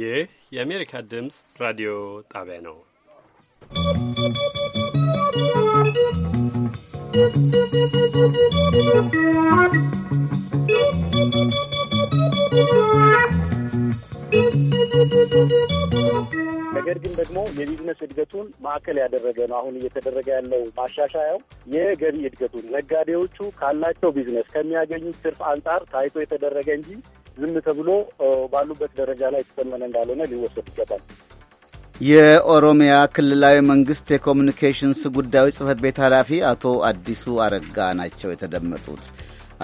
ይህ የአሜሪካ ድምፅ ራዲዮ ጣቢያ ነው። ነገር ግን ደግሞ የቢዝነስ እድገቱን ማዕከል ያደረገ ነው። አሁን እየተደረገ ያለው ማሻሻያው የገቢ እድገቱን ነጋዴዎቹ ካላቸው ቢዝነስ ከሚያገኙት ትርፍ አንጻር ታይቶ የተደረገ እንጂ ዝም ተብሎ ባሉበት ደረጃ ላይ የተሰመነ እንዳልሆነ ሊወሰድ ይገባል። የኦሮሚያ ክልላዊ መንግስት የኮሚኒኬሽንስ ጉዳዮች ጽህፈት ቤት ኃላፊ አቶ አዲሱ አረጋ ናቸው የተደመጡት።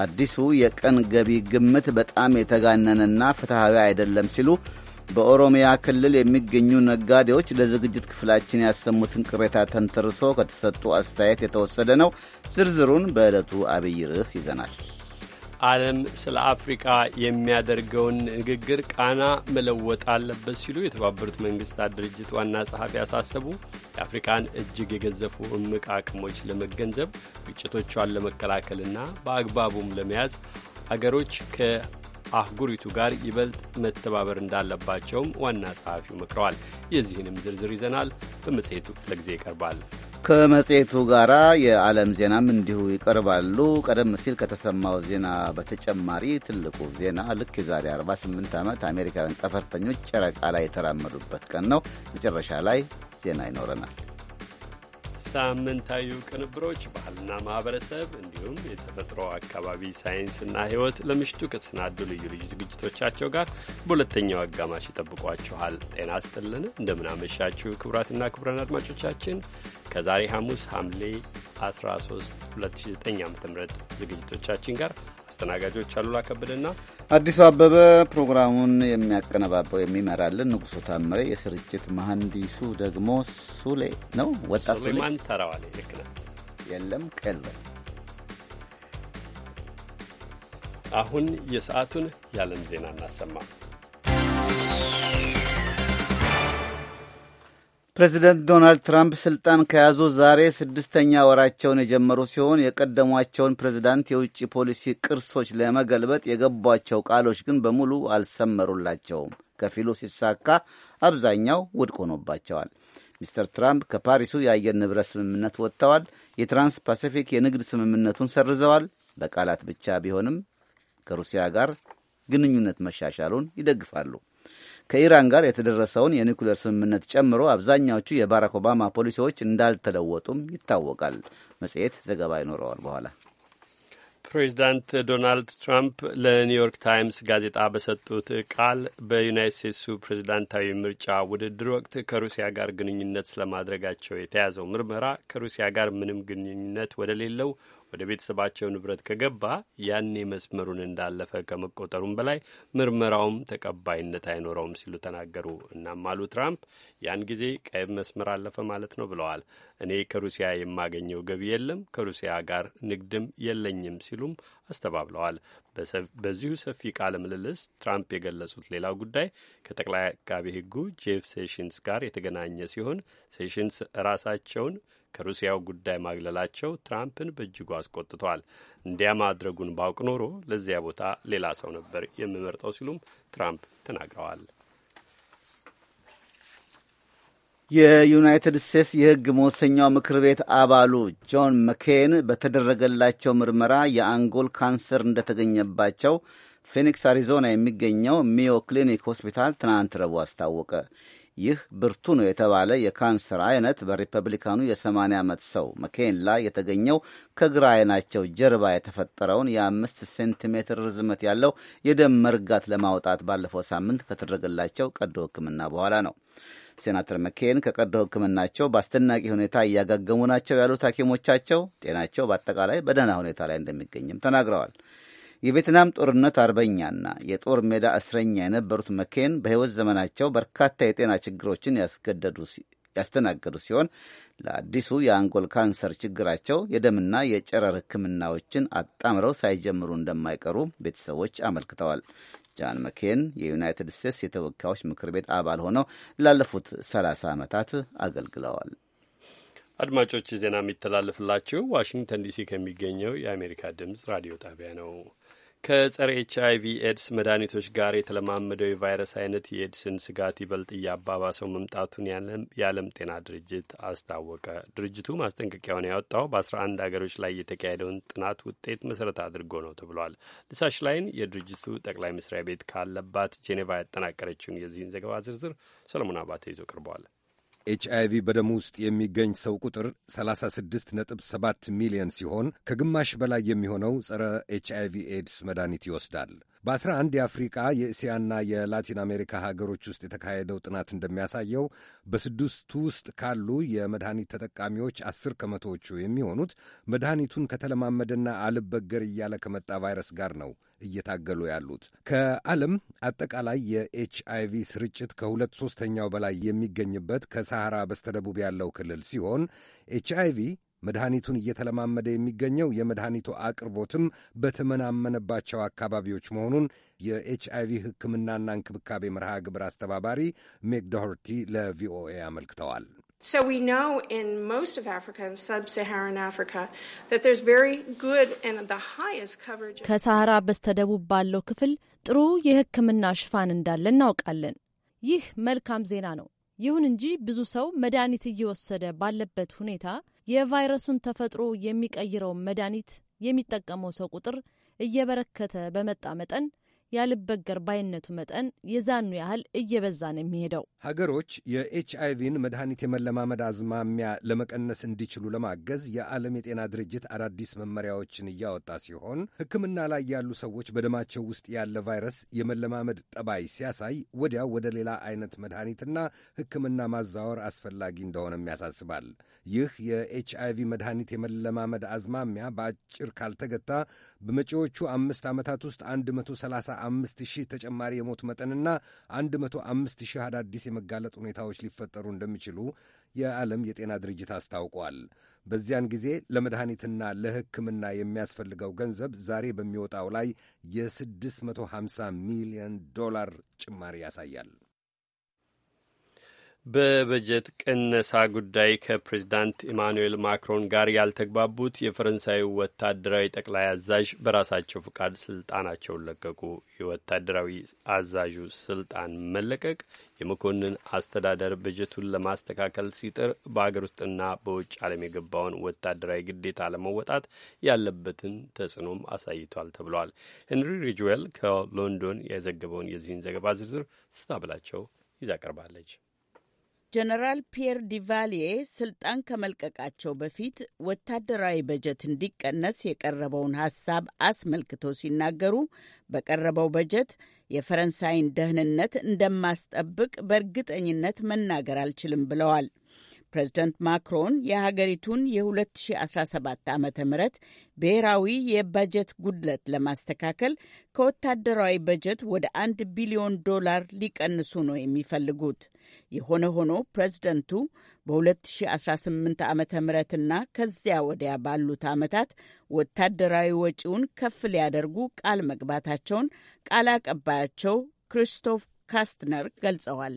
አዲሱ የቀን ገቢ ግምት በጣም የተጋነነና ፍትሐዊ አይደለም ሲሉ በኦሮሚያ ክልል የሚገኙ ነጋዴዎች ለዝግጅት ክፍላችን ያሰሙትን ቅሬታ ተንተርሶ ከተሰጡ አስተያየት የተወሰደ ነው። ዝርዝሩን በዕለቱ አብይ ርዕስ ይዘናል። ዓለም ስለ አፍሪካ የሚያደርገውን ንግግር ቃና መለወጥ አለበት ሲሉ የተባበሩት መንግስታት ድርጅት ዋና ጸሐፊ ያሳሰቡ የአፍሪካን እጅግ የገዘፉ እምቅ አቅሞች ለመገንዘብ ግጭቶቿን ለመከላከልና በአግባቡም ለመያዝ አገሮች ከ አህጉሪቱ ጋር ይበልጥ መተባበር እንዳለባቸውም ዋና ጸሐፊው መክረዋል። የዚህንም ዝርዝር ይዘናል በመጽሔቱ ክፍለ ጊዜ ይቀርባል። ከመጽሔቱ ጋር የዓለም ዜናም እንዲሁ ይቀርባሉ። ቀደም ሲል ከተሰማው ዜና በተጨማሪ ትልቁ ዜና ልክ የዛሬ 48 ዓመት አሜሪካውያን ጠፈርተኞች ጨረቃ ላይ የተራመዱበት ቀን ነው። መጨረሻ ላይ ዜና ይኖረናል። ሳምንታዊ ቅንብሮች ባህልና ማህበረሰብ፣ እንዲሁም የተፈጥሮ አካባቢ ሳይንስና ሕይወት ለምሽቱ ከተሰናዱ ልዩ ልዩ ዝግጅቶቻቸው ጋር በሁለተኛው አጋማሽ ይጠብቋችኋል። ጤና ስጥልን፣ እንደምናመሻችሁ ክቡራትና ክቡራን አድማጮቻችን ከዛሬ ሐሙስ ሐምሌ 13 2009 ዓ ም ዝግጅቶቻችን ጋር አስተናጋጆች አሉላ ከበደና አዲሱ አበበ፣ ፕሮግራሙን የሚያቀነባበው የሚመራልን ንጉሱ ታምሬ፣ የስርጭት መሐንዲሱ ደግሞ ሱሌ ነው። ወጣት ሱሌማን ተራዋለ የለም ቀል አሁን የሰዓቱን የዓለም ዜና እናሰማ። ፕሬዚደንት ዶናልድ ትራምፕ ስልጣን ከያዙ ዛሬ ስድስተኛ ወራቸውን የጀመሩ ሲሆን የቀደሟቸውን ፕሬዚዳንት የውጭ ፖሊሲ ቅርሶች ለመገልበጥ የገቧቸው ቃሎች ግን በሙሉ አልሰመሩላቸውም። ከፊሉ ሲሳካ፣ አብዛኛው ውድቅ ሆኖባቸዋል። ሚስተር ትራምፕ ከፓሪሱ የአየር ንብረት ስምምነት ወጥተዋል። የትራንስ ፓሲፊክ የንግድ ስምምነቱን ሰርዘዋል። በቃላት ብቻ ቢሆንም ከሩሲያ ጋር ግንኙነት መሻሻሉን ይደግፋሉ። ከኢራን ጋር የተደረሰውን የኒኩሌር ስምምነት ጨምሮ አብዛኛዎቹ የባራክ ኦባማ ፖሊሲዎች እንዳልተለወጡም ይታወቃል። መጽሔት ዘገባ ይኖረዋል በኋላ። ፕሬዚዳንት ዶናልድ ትራምፕ ለኒውዮርክ ታይምስ ጋዜጣ በሰጡት ቃል በዩናይት ስቴትሱ ፕሬዚዳንታዊ ምርጫ ውድድር ወቅት ከሩሲያ ጋር ግንኙነት ስለማድረጋቸው የተያዘው ምርመራ ከሩሲያ ጋር ምንም ግንኙነት ወደሌለው ወደ ቤተሰባቸው ንብረት ከገባ ያኔ መስመሩን እንዳለፈ ከመቆጠሩም በላይ ምርመራውም ተቀባይነት አይኖረውም ሲሉ ተናገሩ። እናም አሉ ትራምፕ ያን ጊዜ ቀይ መስመር አለፈ ማለት ነው ብለዋል። እኔ ከሩሲያ የማገኘው ገቢ የለም፣ ከሩሲያ ጋር ንግድም የለኝም ሲሉም አስተባብለዋል። በዚሁ ሰፊ ቃለ ምልልስ ትራምፕ የገለጹት ሌላው ጉዳይ ከጠቅላይ አቃቤ ሕጉ ጄፍ ሴሽንስ ጋር የተገናኘ ሲሆን ሴሽንስ ራሳቸውን ከሩሲያው ጉዳይ ማግለላቸው ትራምፕን በእጅጉ አስቆጥቷል። እንዲያ ማድረጉን ባውቅ ኖሮ ለዚያ ቦታ ሌላ ሰው ነበር የምመርጠው ሲሉም ትራምፕ ተናግረዋል። የዩናይትድ ስቴትስ የሕግ መወሰኛው ምክር ቤት አባሉ ጆን መኬን በተደረገላቸው ምርመራ የአንጎል ካንሰር እንደተገኘባቸው ፊኒክስ አሪዞና የሚገኘው ሚዮ ክሊኒክ ሆስፒታል ትናንት ረቡዕ አስታወቀ። ይህ ብርቱ ነው የተባለ የካንሰር አይነት በሪፐብሊካኑ የ80 ዓመት ሰው መኬን ላይ የተገኘው ከግራ አይናቸው ጀርባ የተፈጠረውን የአምስት ሴንቲሜትር ርዝመት ያለው የደም መርጋት ለማውጣት ባለፈው ሳምንት ከተደረገላቸው ቀዶ ሕክምና በኋላ ነው። ሴናተር መኬን ከቀዶ ሕክምናቸው በአስደናቂ ሁኔታ እያጋገሙ ናቸው ያሉት ሐኪሞቻቸው ጤናቸው በአጠቃላይ በደህና ሁኔታ ላይ እንደሚገኝም ተናግረዋል። የቬትናም ጦርነት አርበኛና የጦር ሜዳ እስረኛ የነበሩት መኬን በሕይወት ዘመናቸው በርካታ የጤና ችግሮችን ያስተናገዱ ሲሆን ለአዲሱ የአንጎል ካንሰር ችግራቸው የደምና የጨረር ሕክምናዎችን አጣምረው ሳይጀምሩ እንደማይቀሩ ቤተሰቦች አመልክተዋል። ጃን መኬን የዩናይትድ ስቴትስ የተወካዮች ምክር ቤት አባል ሆነው ላለፉት 30 ዓመታት አገልግለዋል። አድማጮች ዜና የሚተላለፍላችሁ ዋሽንግተን ዲሲ ከሚገኘው የአሜሪካ ድምፅ ራዲዮ ጣቢያ ነው። ከጸረ ኤች አይ ቪ ኤድስ መድኃኒቶች ጋር የተለማመደው የቫይረስ አይነት የኤድስን ስጋት ይበልጥ እያባባሰው መምጣቱን የዓለም ጤና ድርጅት አስታወቀ። ድርጅቱ ማስጠንቀቂያውን ያወጣው በ11 ሀገሮች ላይ የተካሄደውን ጥናት ውጤት መሰረት አድርጎ ነው ተብሏል። ልሳሽ ላይን የድርጅቱ ጠቅላይ መስሪያ ቤት ካለባት ጄኔቫ ያጠናቀረችውን የዚህን ዘገባ ዝርዝር ሰለሞን አባተ ይዞ ቀርበዋል። ኤች ቪ በደም ውስጥ የሚገኝ ሰው ቁጥር 36.7 ሚሊዮን ሲሆን ከግማሽ በላይ የሚሆነው ጸረ ኤች ኤድስ መድኃኒት ይወስዳል። በ11 የአፍሪቃ የእስያና የላቲን አሜሪካ ሀገሮች ውስጥ የተካሄደው ጥናት እንደሚያሳየው በስድስቱ ውስጥ ካሉ የመድኃኒት ተጠቃሚዎች አስር ከመቶዎቹ የሚሆኑት መድኃኒቱን ከተለማመደና አልበገር እያለ ከመጣ ቫይረስ ጋር ነው እየታገሉ ያሉት። ከዓለም አጠቃላይ የኤች አይቪ ስርጭት ከሁለት ሦስተኛው በላይ የሚገኝበት ከሳሐራ በስተደቡብ ያለው ክልል ሲሆን ኤች መድኃኒቱን እየተለማመደ የሚገኘው የመድኃኒቱ አቅርቦትም በተመናመነባቸው አካባቢዎች መሆኑን የኤች አይቪ ሕክምናና እንክብካቤ መርሃ ግብር አስተባባሪ ሜግ ዶኸርቲ ለቪኦኤ አመልክተዋል። So we know in most of Africa and sub-Saharan Africa that there's very good and the highest coverage. ከሳሃራ በስተደቡብ ባለው ክፍል ጥሩ የሕክምና ሽፋን እንዳለ እናውቃለን። ይህ መልካም ዜና ነው። ይሁን እንጂ ብዙ ሰው መድኃኒት እየወሰደ ባለበት ሁኔታ የቫይረሱን ተፈጥሮ የሚቀይረውን መድኃኒት የሚጠቀመው ሰው ቁጥር እየበረከተ በመጣ መጠን ያልበገር ባይነቱ መጠን የዛኑ ያህል እየበዛ ነው የሚሄደው። ሀገሮች የኤች አይቪን መድኃኒት የመለማመድ አዝማሚያ ለመቀነስ እንዲችሉ ለማገዝ የዓለም የጤና ድርጅት አዳዲስ መመሪያዎችን እያወጣ ሲሆን ሕክምና ላይ ያሉ ሰዎች በደማቸው ውስጥ ያለ ቫይረስ የመለማመድ ጠባይ ሲያሳይ ወዲያው ወደ ሌላ አይነት መድኃኒትና ሕክምና ማዛወር አስፈላጊ እንደሆነም ያሳስባል። ይህ የኤች አይቪ መድኃኒት የመለማመድ አዝማሚያ በአጭር ካልተገታ በመጪዎቹ አምስት ዓመታት ውስጥ 130 አምስት ሺህ ተጨማሪ የሞት መጠንና አንድ መቶ አምስት ሺህ አዳዲስ የመጋለጥ ሁኔታዎች ሊፈጠሩ እንደሚችሉ የዓለም የጤና ድርጅት አስታውቋል። በዚያን ጊዜ ለመድኃኒትና ለሕክምና የሚያስፈልገው ገንዘብ ዛሬ በሚወጣው ላይ የ650 ሚሊዮን ዶላር ጭማሪ ያሳያል። በበጀት ቅነሳ ጉዳይ ከፕሬዚዳንት ኢማኑኤል ማክሮን ጋር ያልተግባቡት የፈረንሳዩ ወታደራዊ ጠቅላይ አዛዥ በራሳቸው ፍቃድ ስልጣናቸውን ለቀቁ። የወታደራዊ አዛዡ ስልጣን መለቀቅ የመኮንን አስተዳደር በጀቱን ለማስተካከል ሲጥር በአገር ውስጥና በውጭ ዓለም የገባውን ወታደራዊ ግዴታ ለመወጣት ያለበትን ተጽዕኖም አሳይቷል ተብሏል። ሄንሪ ሪጅዌል ከሎንዶን የዘገበውን የዚህን ዘገባ ዝርዝር ስታብላቸው ይዛ ቀርባለች። ጀነራል ፒየር ዲቫሊዬ ስልጣን ከመልቀቃቸው በፊት ወታደራዊ በጀት እንዲቀነስ የቀረበውን ሀሳብ አስመልክቶ ሲናገሩ በቀረበው በጀት የፈረንሳይን ደህንነት እንደማስጠብቅ በእርግጠኝነት መናገር አልችልም ብለዋል። ፕሬዚደንት ማክሮን የሀገሪቱን የ2017 ዓ ም ብሔራዊ የበጀት ጉድለት ለማስተካከል ከወታደራዊ በጀት ወደ አንድ ቢሊዮን ዶላር ሊቀንሱ ነው የሚፈልጉት። የሆነ ሆኖ ፕሬዝደንቱ በ2018 ዓ ምና ከዚያ ወዲያ ባሉት ዓመታት ወታደራዊ ወጪውን ከፍ ሊያደርጉ ቃል መግባታቸውን ቃል አቀባያቸው ክሪስቶፍ ካስትነር ገልጸዋል።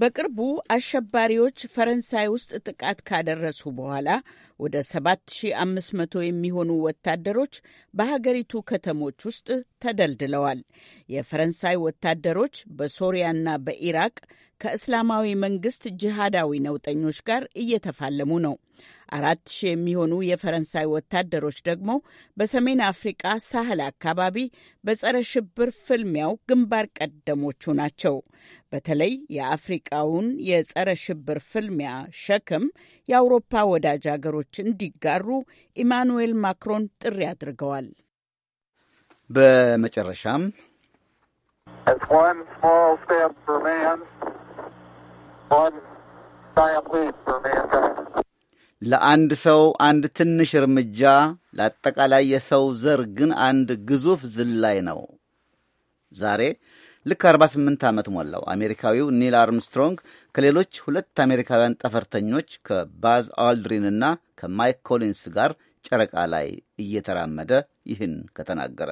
በቅርቡ አሸባሪዎች ፈረንሳይ ውስጥ ጥቃት ካደረሱ በኋላ ወደ 7500 የሚሆኑ ወታደሮች በሀገሪቱ ከተሞች ውስጥ ተደልድለዋል። የፈረንሳይ ወታደሮች በሶሪያና በኢራቅ ከእስላማዊ መንግስት ጅሃዳዊ ነውጠኞች ጋር እየተፋለሙ ነው። አራት ሺህ የሚሆኑ የፈረንሳይ ወታደሮች ደግሞ በሰሜን አፍሪቃ ሳህል አካባቢ በጸረ ሽብር ፍልሚያው ግንባር ቀደሞቹ ናቸው። በተለይ የአፍሪቃውን የጸረ ሽብር ፍልሚያ ሸክም የአውሮፓ ወዳጅ አገሮች እንዲጋሩ ኢማኑኤል ማክሮን ጥሪ አድርገዋል። በመጨረሻም ለአንድ ሰው አንድ ትንሽ እርምጃ፣ ለአጠቃላይ የሰው ዘር ግን አንድ ግዙፍ ዝላይ ነው። ዛሬ ልክ 48 ዓመት ሞላው። አሜሪካዊው ኒል አርምስትሮንግ ከሌሎች ሁለት አሜሪካውያን ጠፈርተኞች ከባዝ አልድሪንና ከማይክ ኮሊንስ ጋር ጨረቃ ላይ እየተራመደ ይህን ከተናገረ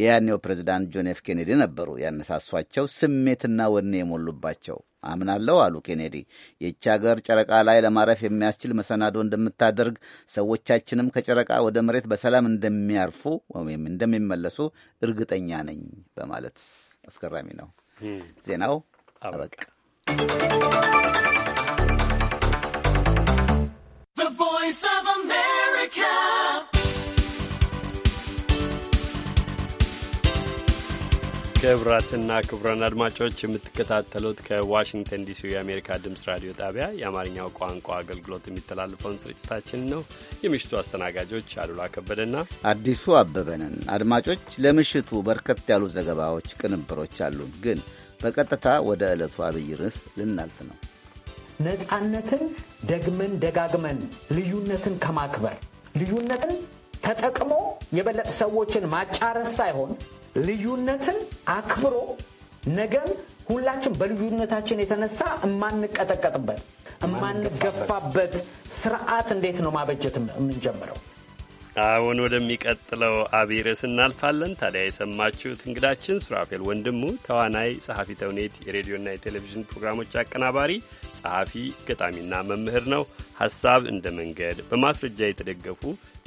የያኔው ፕሬዚዳንት ጆን ኤፍ ኬኔዲ ነበሩ ያነሳሷቸው፣ ስሜትና ወኔ የሞሉባቸው አምናለሁ አሉ ኬኔዲ። ይቺ ሀገር ጨረቃ ላይ ለማረፍ የሚያስችል መሰናዶ እንደምታደርግ፣ ሰዎቻችንም ከጨረቃ ወደ መሬት በሰላም እንደሚያርፉ ወይም እንደሚመለሱ እርግጠኛ ነኝ በማለት አስገራሚ ነው። ዜናው አበቃ። ክብራትና ክቡራን አድማጮች የምትከታተሉት ከዋሽንግተን ዲሲ የአሜሪካ ድምፅ ራዲዮ ጣቢያ የአማርኛው ቋንቋ አገልግሎት የሚተላልፈውን ስርጭታችን ነው። የምሽቱ አስተናጋጆች አሉላ ከበደና አዲሱ አበበንን። አድማጮች ለምሽቱ በርከት ያሉ ዘገባዎች፣ ቅንብሮች አሉ። ግን በቀጥታ ወደ ዕለቱ አብይ ርዕስ ልናልፍ ነው። ነፃነትን ደግመን ደጋግመን ልዩነትን ከማክበር ልዩነትን ተጠቅሞ የበለጠ ሰዎችን ማጫረስ ሳይሆን ልዩነትን አክብሮ ነገን ሁላችን በልዩነታችን የተነሳ እማንቀጠቀጥበት እማንገፋበት ስርዓት እንዴት ነው ማበጀት የምንጀምረው? አሁን ወደሚቀጥለው አብይ ርዕስ እናልፋለን። ታዲያ የሰማችሁት እንግዳችን ሱራፌል ወንድሙ ተዋናይ፣ ጸሐፊ ተውኔት፣ የሬዲዮና የቴሌቪዥን ፕሮግራሞች አቀናባሪ፣ ጸሐፊ፣ ገጣሚና መምህር ነው። ሐሳብ እንደ መንገድ በማስረጃ የተደገፉ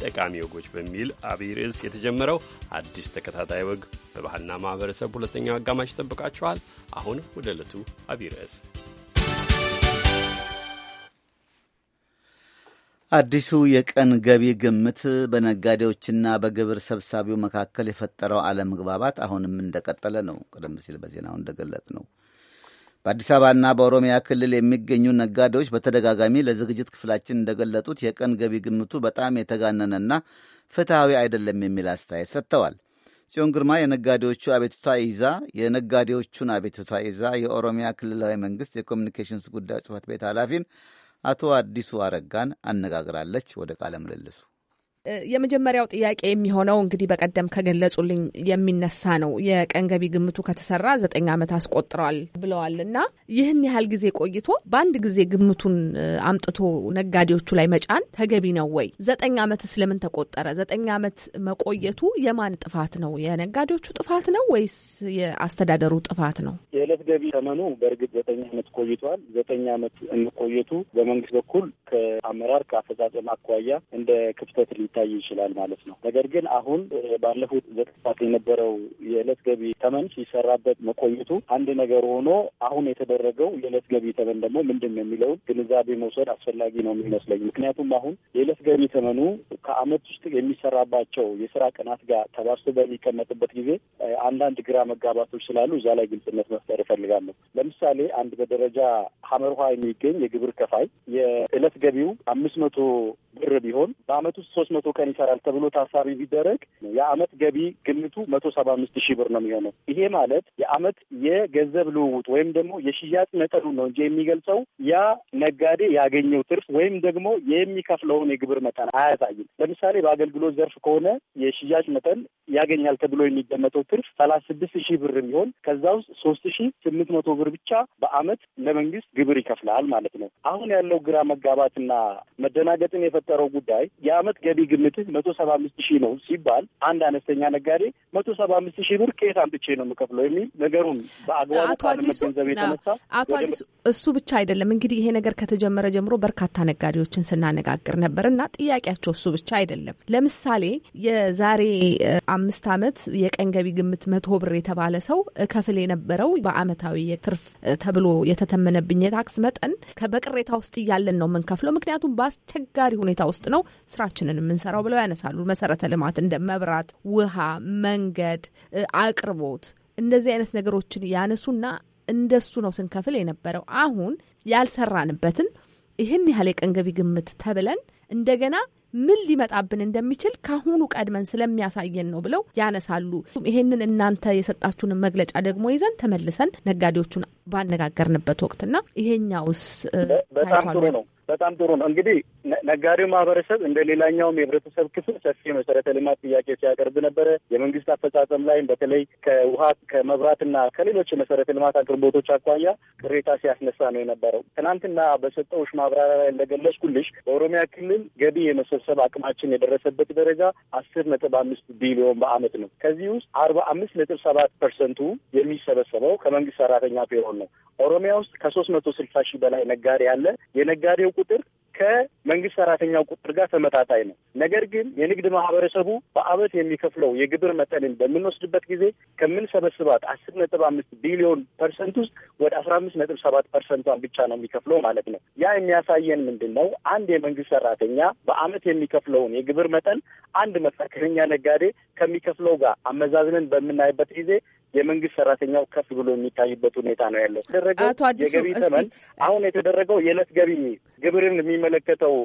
ጠቃሚ ወጎች በሚል አብይ ርዕስ የተጀመረው አዲስ ተከታታይ ወግ በባህልና ማህበረሰብ ሁለተኛው አጋማሽ ይጠብቃችኋል። አሁን ወደ ዕለቱ አብይ ርዕስ አዲሱ የቀን ገቢ ግምት በነጋዴዎችና በግብር ሰብሳቢው መካከል የፈጠረው አለመግባባት አሁንም እንደቀጠለ ነው። ቀደም ሲል በዜናው እንደገለጥ ነው በአዲስ አበባና በኦሮሚያ ክልል የሚገኙ ነጋዴዎች በተደጋጋሚ ለዝግጅት ክፍላችን እንደገለጡት የቀን ገቢ ግምቱ በጣም የተጋነነና ፍትሐዊ አይደለም የሚል አስተያየት ሰጥተዋል። ጽዮን ግርማ የነጋዴዎቹ አቤቱታ ይዛ የነጋዴዎቹን አቤቱታ ይዛ የኦሮሚያ ክልላዊ መንግስት የኮሚኒኬሽንስ ጉዳይ ጽህፈት ቤት ኃላፊን አቶ አዲሱ አረጋን አነጋግራለች። ወደ ቃለ ምልልሱ የመጀመሪያው ጥያቄ የሚሆነው እንግዲህ በቀደም ከገለጹልኝ የሚነሳ ነው። የቀን ገቢ ግምቱ ከተሰራ ዘጠኝ ዓመት አስቆጥረዋል ብለዋል እና ይህን ያህል ጊዜ ቆይቶ በአንድ ጊዜ ግምቱን አምጥቶ ነጋዴዎቹ ላይ መጫን ተገቢ ነው ወይ? ዘጠኝ ዓመት ስለምን ተቆጠረ? ዘጠኝ ዓመት መቆየቱ የማን ጥፋት ነው? የነጋዴዎቹ ጥፋት ነው ወይስ የአስተዳደሩ ጥፋት ነው? የዕለት ገቢ ተመኑ በእርግጥ ዘጠኝ ዓመት ቆይቷል። ዘጠኝ ዓመት መቆየቱ በመንግስት በኩል ከአመራር ከአፈጻጸም አኳያ እንደ ክፍተት ሊ ሊታይ ይችላል ማለት ነው። ነገር ግን አሁን ባለፉት ዘጠናት የነበረው የዕለት ገቢ ተመን ሲሰራበት መቆየቱ አንድ ነገር ሆኖ አሁን የተደረገው የዕለት ገቢ ተመን ደግሞ ምንድን ነው የሚለውን ግንዛቤ መውሰድ አስፈላጊ ነው የሚመስለኝ። ምክንያቱም አሁን የዕለት ገቢ ተመኑ ከዓመት ውስጥ የሚሰራባቸው የስራ ቀናት ጋር ተባስቶ በሚቀመጥበት ጊዜ አንዳንድ ግራ መጋባቶች ስላሉ እዛ ላይ ግልጽነት መፍጠር እፈልጋለሁ። ለምሳሌ አንድ በደረጃ ሀመርኋ የሚገኝ የግብር ከፋይ የእለት ገቢው አምስት መቶ ብር ቢሆን በአመት ውስጥ ሶስት መቶ ቀን ይሰራል ተብሎ ታሳቢ ቢደረግ የአመት ገቢ ግምቱ መቶ ሰባ አምስት ሺህ ብር ነው የሚሆነው። ይሄ ማለት የአመት የገንዘብ ልውውጥ ወይም ደግሞ የሽያጭ መጠኑ ነው እንጂ የሚገልጸው ያ ነጋዴ ያገኘው ትርፍ ወይም ደግሞ የሚከፍለውን የግብር መጠን አያሳይም። ለምሳሌ በአገልግሎት ዘርፍ ከሆነ የሽያጭ መጠን ያገኛል ተብሎ የሚገመተው ትርፍ ሰላሳ ስድስት ሺህ ብር ቢሆን ከዛ ውስጥ ሶስት ሺህ ስምንት መቶ ብር ብቻ በአመት ለመንግስት ግብር ይከፍላል ማለት ነው። አሁን ያለው ግራ መጋባትና መደናገጥን የፈጠረው ጉዳይ የአመት ገቢ ግምትህ መቶ ሰባ አምስት ሺህ ነው ሲባል አንድ አነስተኛ ነጋዴ መቶ ሰባ አምስት ሺህ ብር ከየት አምጥቼ ነው የምከፍለው የሚል ነገሩን በአግባቡ ካለመገንዘብ የተነሳ አቶ አዲሱ እሱ ብቻ አይደለም እንግዲህ ይሄ ነገር ከተጀመረ ጀምሮ በርካታ ነጋዴዎችን ስናነጋግር ነበር እና ጥያቄያቸው እሱ ብቻ አይደለም። ለምሳሌ የዛሬ አምስት አመት የቀን ገቢ ግምት መቶ ብር የተባለ ሰው ከፍል የነበረው በአመታዊ የትርፍ ተብሎ የተተመነብኝ የታክስ መጠን በቅሬታ ውስጥ እያለን ነው የምንከፍለው፣ ምክንያቱም በአስቸጋሪ ሁኔታ ውስጥ ነው ስራችንን የምንሰራው ብለው ያነሳሉ። መሰረተ ልማት እንደ መብራት፣ ውሃ፣ መንገድ አቅርቦት እንደዚህ አይነት ነገሮችን ያነሱና እንደሱ ነው ስንከፍል የነበረው። አሁን ያልሰራንበትን ይህን ያህል የቀን ገቢ ግምት ተብለን እንደገና ምን ሊመጣብን እንደሚችል ካሁኑ ቀድመን ስለሚያሳየን ነው ብለው ያነሳሉ። ይሄንን እናንተ የሰጣችሁንን መግለጫ ደግሞ ይዘን ተመልሰን ነጋዴዎቹን ባነጋገርንበት ወቅትና ይሄኛውስ በጣም ጥሩ ነው። በጣም ጥሩ ነው። እንግዲህ ነጋዴው ማህበረሰብ እንደ ሌላኛውም የህብረተሰብ ክፍል ሰፊ መሰረተ ልማት ጥያቄ ሲያቀርብ ነበረ። የመንግስት አፈጻጸም ላይም በተለይ ከውሃ ከመብራትና ከሌሎች የመሰረተ ልማት አቅርቦቶች አኳያ ቅሬታ ሲያስነሳ ነው የነበረው። ትናንትና በሰጠውሽ ማብራሪያ ላይ እንደገለጽኩልሽ በኦሮሚያ ክልል ገቢ የመሰብሰብ አቅማችን የደረሰበት ደረጃ አስር ነጥብ አምስት ቢሊዮን በአመት ነው። ከዚህ ውስጥ አርባ አምስት ነጥብ ሰባት ፐርሰንቱ የሚሰበሰበው ከመንግስት ሰራተኛ ፔሮን ነው። ኦሮሚያ ውስጥ ከሶስት መቶ ስልሳ ሺህ በላይ ነጋዴ አለ። የነጋዴው ቁጥር ከመንግስት ሰራተኛው ቁጥር ጋር ተመጣጣኝ ነው። ነገር ግን የንግድ ማህበረሰቡ በአመት የሚከፍለው የግብር መጠንን በምንወስድበት ጊዜ ከምንሰበስባት አስር ነጥብ አምስት ቢሊዮን ፐርሰንት ውስጥ ወደ አስራ አምስት ነጥብ ሰባት ፐርሰንቷን ብቻ ነው የሚከፍለው ማለት ነው። ያ የሚያሳየን ምንድን ነው? አንድ የመንግስት ሰራተኛ በአመት የሚከፍለውን የግብር መጠን አንድ መካከለኛ ነጋዴ ከሚከፍለው ጋር አመዛዝነን በምናይበት ጊዜ የመንግስት ሰራተኛው ከፍ ብሎ የሚታይበት ሁኔታ ነው ያለው። የተደረገው የገቢ ተመን አሁን የተደረገው የዕለት ገቢ ግብርን የሚመለከተው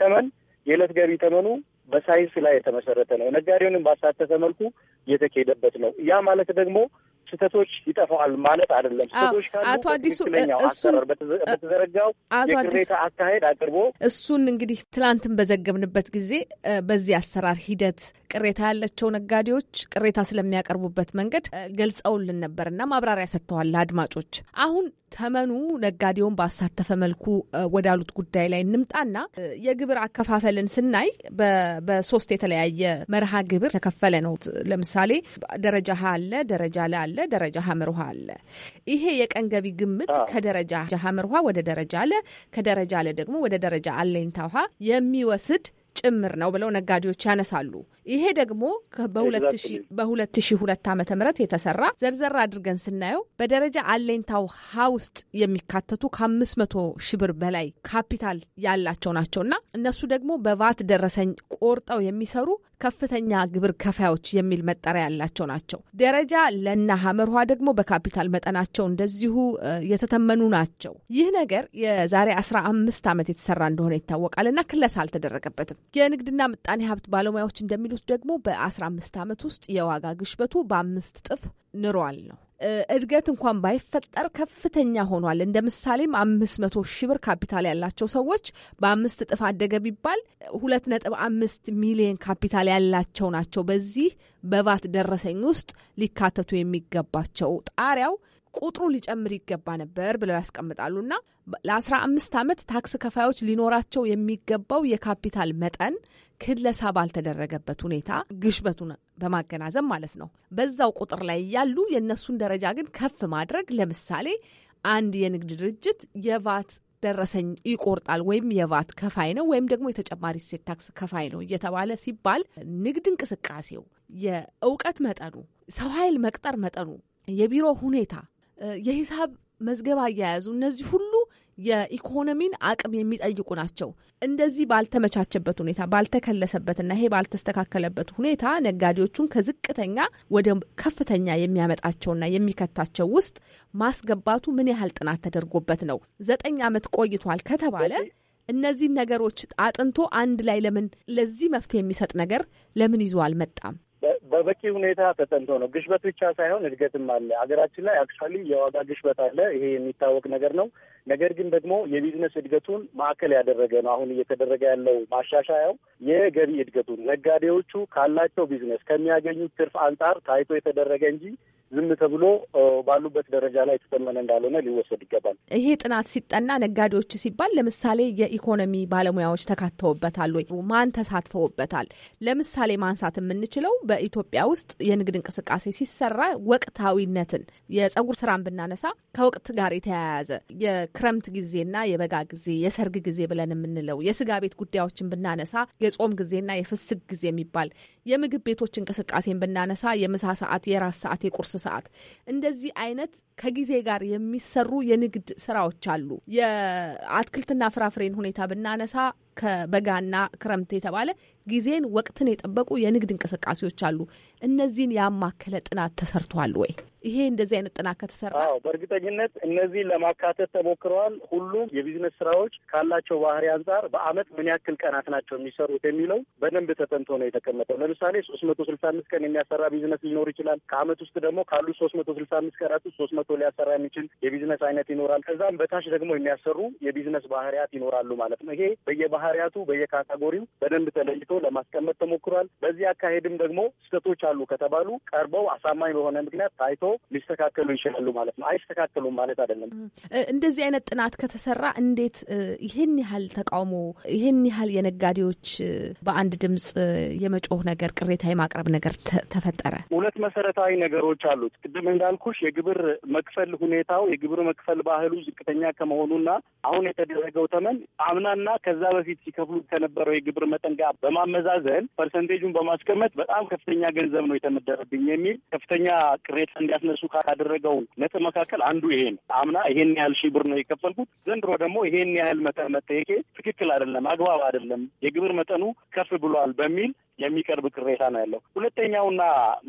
ተመን የዕለት ገቢ ተመኑ በሳይንስ ላይ የተመሰረተ ነው። ነጋዴውንም ባሳተፈ መልኩ የተካሄደበት ነው። ያ ማለት ደግሞ ስህተቶች ይጠፋዋል ማለት አይደለም። ስህተቶች ካሉ አቶ አዲሱ አሰራር በተዘረጋው የቅሬታ አካሄድ አቅርቦ እሱን እንግዲህ ትናንትን በዘገብንበት ጊዜ በዚህ አሰራር ሂደት ቅሬታ ያላቸው ነጋዴዎች ቅሬታ ስለሚያቀርቡበት መንገድ ገልጸውልን ነበርና ማብራሪያ ሰጥተዋል ለአድማጮች። አሁን ተመኑ ነጋዴውን ባሳተፈ መልኩ ወዳሉት ጉዳይ ላይ እንምጣና የግብር አከፋፈልን ስናይ በሶስት የተለያየ መርሃ ግብር ተከፈለ ነው። ለምሳሌ ደረጃ ሀ አለ፣ ደረጃ ለ አለ፣ ደረጃ ሀ መርሃ አለ። ይሄ የቀን ገቢ ግምት ከደረጃ ሀ መርሃ ወደ ደረጃ ለ፣ ከደረጃ ለ ደግሞ ወደ ደረጃ አለኝታ ውሃ የሚወስድ ጭምር ነው ብለው ነጋዴዎች ያነሳሉ። ይሄ ደግሞ በ2002 ዓ ም የተሰራ ዘርዘር አድርገን ስናየው በደረጃ አለኝታው ሀ ውስጥ የሚካተቱ ከ500 ሺህ ብር በላይ ካፒታል ያላቸው ናቸውና እነሱ ደግሞ በቫት ደረሰኝ ቆርጠው የሚሰሩ ከፍተኛ ግብር ከፋዮች የሚል መጠሪያ ያላቸው ናቸው። ደረጃ ለና ሀመርኋ ደግሞ በካፒታል መጠናቸው እንደዚሁ የተተመኑ ናቸው። ይህ ነገር የዛሬ 15 ዓመት የተሰራ እንደሆነ ይታወቃልና ክለሳ አልተደረገበትም። የንግድና ምጣኔ ሀብት ባለሙያዎች እንደሚሉት ደግሞ በ15 ዓመት ውስጥ የዋጋ ግሽበቱ በአምስት እጥፍ ንሯል ነው። እድገት እንኳን ባይፈጠር ከፍተኛ ሆኗል። እንደ ምሳሌም አምስት መቶ ሺህ ብር ካፒታል ያላቸው ሰዎች በአምስት እጥፍ አደገ ቢባል ሁለት ነጥብ አምስት ሚሊዮን ካፒታል ያላቸው ናቸው። በዚህ በቫት ደረሰኝ ውስጥ ሊካተቱ የሚገባቸው ጣሪያው ቁጥሩ ሊጨምር ይገባ ነበር ብለው ያስቀምጣሉና ለ15 ዓመት ታክስ ከፋዮች ሊኖራቸው የሚገባው የካፒታል መጠን ክለሳ ባልተደረገበት ሁኔታ ግሽበቱን በማገናዘብ ማለት ነው። በዛው ቁጥር ላይ ያሉ የእነሱን ደረጃ ግን ከፍ ማድረግ ለምሳሌ አንድ የንግድ ድርጅት የቫት ደረሰኝ ይቆርጣል ወይም የቫት ከፋይ ነው ወይም ደግሞ የተጨማሪ እሴት ታክስ ከፋይ ነው እየተባለ ሲባል ንግድ እንቅስቃሴው፣ የእውቀት መጠኑ፣ ሰው ኃይል መቅጠር መጠኑ፣ የቢሮ ሁኔታ የሂሳብ መዝገብ አያያዙ፣ እነዚህ ሁሉ የኢኮኖሚን አቅም የሚጠይቁ ናቸው። እንደዚህ ባልተመቻቸበት ሁኔታ ባልተከለሰበትና ይሄ ባልተስተካከለበት ሁኔታ ነጋዴዎቹን ከዝቅተኛ ወደ ከፍተኛ የሚያመጣቸውና የሚከታቸው ውስጥ ማስገባቱ ምን ያህል ጥናት ተደርጎበት ነው? ዘጠኝ ዓመት ቆይቷል ከተባለ እነዚህን ነገሮች አጥንቶ አንድ ላይ ለምን ለዚህ መፍትሄ የሚሰጥ ነገር ለምን ይዞ አልመጣም? በበቂ ሁኔታ ተጠንቶ ነው። ግሽበት ብቻ ሳይሆን እድገትም አለ። ሀገራችን ላይ አክቹዋሊ የዋጋ ግሽበት አለ። ይሄ የሚታወቅ ነገር ነው። ነገር ግን ደግሞ የቢዝነስ እድገቱን ማዕከል ያደረገ ነው። አሁን እየተደረገ ያለው ማሻሻያው የገቢ እድገቱን ነጋዴዎቹ ካላቸው ቢዝነስ ከሚያገኙት ትርፍ አንጻር ታይቶ የተደረገ እንጂ ዝም ተብሎ ባሉበት ደረጃ ላይ የተተመነ እንዳልሆነ ሊወሰድ ይገባል። ይሄ ጥናት ሲጠና ነጋዴዎች ሲባል ለምሳሌ የኢኮኖሚ ባለሙያዎች ተካተውበታል ወይ? ማን ተሳትፈውበታል? ለምሳሌ ማንሳት የምንችለው በኢትዮጵያ ውስጥ የንግድ እንቅስቃሴ ሲሰራ ወቅታዊነትን የጸጉር ስራን ብናነሳ ከወቅት ጋር የተያያዘ የክረምት ጊዜና የበጋ ጊዜ፣ የሰርግ ጊዜ ብለን የምንለው የስጋ ቤት ጉዳዮችን ብናነሳ የጾም ጊዜና የፍስግ ጊዜ የሚባል የምግብ ቤቶች እንቅስቃሴን ብናነሳ የምሳ ሰዓት፣ የራስ ሰዓት፣ የቁርስ ሰዓት እንደዚህ አይነት ከጊዜ ጋር የሚሰሩ የንግድ ስራዎች አሉ። የአትክልትና ፍራፍሬን ሁኔታ ብናነሳ ከበጋና ክረምት የተባለ ጊዜን ወቅትን የጠበቁ የንግድ እንቅስቃሴዎች አሉ። እነዚህን ያማከለ ጥናት ተሰርቷል ወይ? ይሄ እንደዚህ አይነት ጥናት ከተሰራ በእርግጠኝነት እነዚህን ለማካተት ተሞክረዋል። ሁሉም የቢዝነስ ስራዎች ካላቸው ባህሪ አንጻር በአመት ምን ያክል ቀናት ናቸው የሚሰሩት የሚለው በደንብ ተጠንቶ ነው የተቀመጠው። ለምሳሌ ሶስት መቶ ስልሳ አምስት ቀን የሚያሰራ ቢዝነስ ሊኖር ይችላል። ከአመት ውስጥ ደግሞ ካሉ ሶስት መቶ ስልሳ አምስት ቀናት ውስጥ ሶስት መቶ ሊያሰራ የሚችል የቢዝነስ አይነት ይኖራል። ከዛም በታች ደግሞ የሚያሰሩ የቢዝነስ ባህሪያት ይኖራሉ ማለት ነው። ይሄ በየባ ባህሪያቱ በየካታጎሪው በደንብ ተለይቶ ለማስቀመጥ ተሞክሯል። በዚህ አካሄድም ደግሞ ስህተቶች አሉ ከተባሉ ቀርበው አሳማኝ በሆነ ምክንያት ታይቶ ሊስተካከሉ ይችላሉ ማለት ነው። አይስተካከሉም ማለት አይደለም። እንደዚህ አይነት ጥናት ከተሰራ እንዴት ይህን ያህል ተቃውሞ፣ ይህን ያህል የነጋዴዎች በአንድ ድምፅ የመጮህ ነገር፣ ቅሬታ የማቅረብ ነገር ተፈጠረ? ሁለት መሰረታዊ ነገሮች አሉት። ቅድም እንዳልኩሽ የግብር መክፈል ሁኔታው የግብር መክፈል ባህሉ ዝቅተኛ ከመሆኑና አሁን የተደረገው ተመን አምናና ከዛ በፊት በፊት ሲከፍሉት ከነበረው የግብር መጠን ጋር በማመዛዘን ፐርሰንቴጁን በማስቀመጥ በጣም ከፍተኛ ገንዘብ ነው የተመደበብኝ የሚል ከፍተኛ ቅሬታ እንዲያስነሱ ካደረገው ነጥብ መካከል አንዱ ይሄ ነው። አምና ይሄን ያህል ሺህ ብር ነው የከፈልኩት፣ ዘንድሮ ደግሞ ይሄን ያህል መጠን መጠየቄ ትክክል አይደለም፣ አግባብ አይደለም፣ የግብር መጠኑ ከፍ ብሏል በሚል የሚቀርብ ቅሬታ ነው ያለው። ሁለተኛውና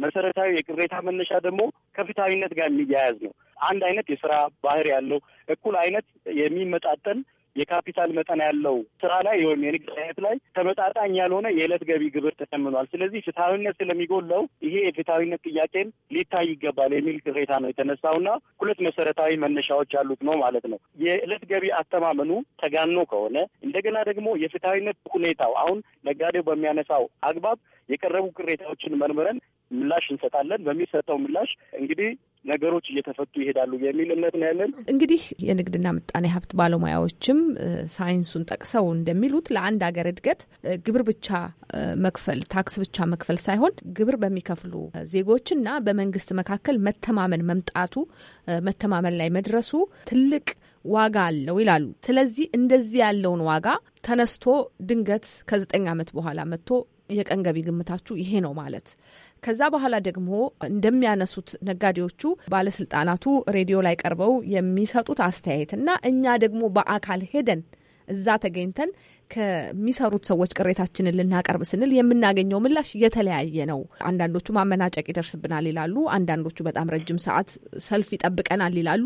መሰረታዊ የቅሬታ መነሻ ደግሞ ከፍትሐዊነት ጋር የሚያያዝ ነው። አንድ አይነት የስራ ባህር ያለው እኩል አይነት የሚመጣጠን የካፒታል መጠን ያለው ስራ ላይ ወይም የንግድ አይነት ላይ ተመጣጣኝ ያልሆነ የዕለት ገቢ ግብር ተጨምሯል። ስለዚህ ፍትሐዊነት ስለሚጎለው ይሄ የፍትሐዊነት ጥያቄን ሊታይ ይገባል የሚል ቅሬታ ነው የተነሳውና ሁለት መሰረታዊ መነሻዎች ያሉት ነው ማለት ነው። የዕለት ገቢ አተማመኑ ተጋኖ ከሆነ እንደገና ደግሞ የፍትሐዊነት ሁኔታው አሁን ነጋዴው በሚያነሳው አግባብ የቀረቡ ቅሬታዎችን መርምረን ምላሽ እንሰጣለን። በሚሰጠው ምላሽ እንግዲህ ነገሮች እየተፈቱ ይሄዳሉ የሚል እምነት ነው ያለን። እንግዲህ የንግድና ምጣኔ ሀብት ባለሙያዎችም ሳይንሱን ጠቅሰው እንደሚሉት ለአንድ ሀገር እድገት ግብር ብቻ መክፈል ታክስ ብቻ መክፈል ሳይሆን ግብር በሚከፍሉ ዜጎችና በመንግስት መካከል መተማመን መምጣቱ መተማመን ላይ መድረሱ ትልቅ ዋጋ አለው ይላሉ። ስለዚህ እንደዚህ ያለውን ዋጋ ተነስቶ ድንገት ከዘጠኝ ዓመት በኋላ መጥቶ የቀን ገቢ ግምታችሁ ይሄ ነው ማለት ከዛ በኋላ ደግሞ እንደሚያነሱት ነጋዴዎቹ ባለስልጣናቱ ሬዲዮ ላይ ቀርበው የሚሰጡት አስተያየት እና እኛ ደግሞ በአካል ሄደን እዛ ተገኝተን ከሚሰሩት ሰዎች ቅሬታችንን ልናቀርብ ስንል የምናገኘው ምላሽ የተለያየ ነው። አንዳንዶቹ ማመናጨቅ ይደርስብናል ይላሉ። አንዳንዶቹ በጣም ረጅም ሰዓት ሰልፍ ይጠብቀናል ይላሉ።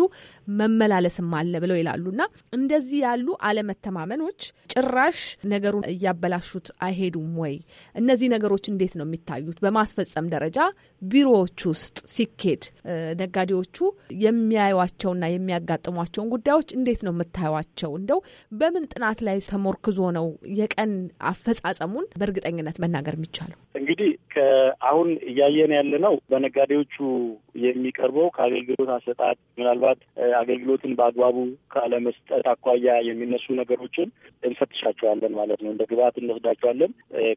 መመላለስም አለ ብለው ይላሉ። እና እንደዚህ ያሉ አለመተማመኖች ጭራሽ ነገሩን እያበላሹት አይሄዱም ወይ? እነዚህ ነገሮች እንዴት ነው የሚታዩት? በማስፈጸም ደረጃ ቢሮዎች ውስጥ ሲኬድ ነጋዴዎቹ የሚያዩቸውና የሚያጋጥሟቸውን ጉዳዮች እንዴት ነው የምታዩቸው? እንደው በምን ጥናት ላይ ተሞርክዞ ነው የቀን አፈጻጸሙን በእርግጠኝነት መናገር የሚቻለው? እንግዲህ አሁን እያየን ያለ ነው በነጋዴዎቹ የሚቀርበው ከአገልግሎት አሰጣጥ ምናልባት አገልግሎትን በአግባቡ ካለመስጠት አኳያ የሚነሱ ነገሮችን እንፈትሻቸዋለን ማለት ነው። እንደ ግብዓት እንወስዳቸዋለን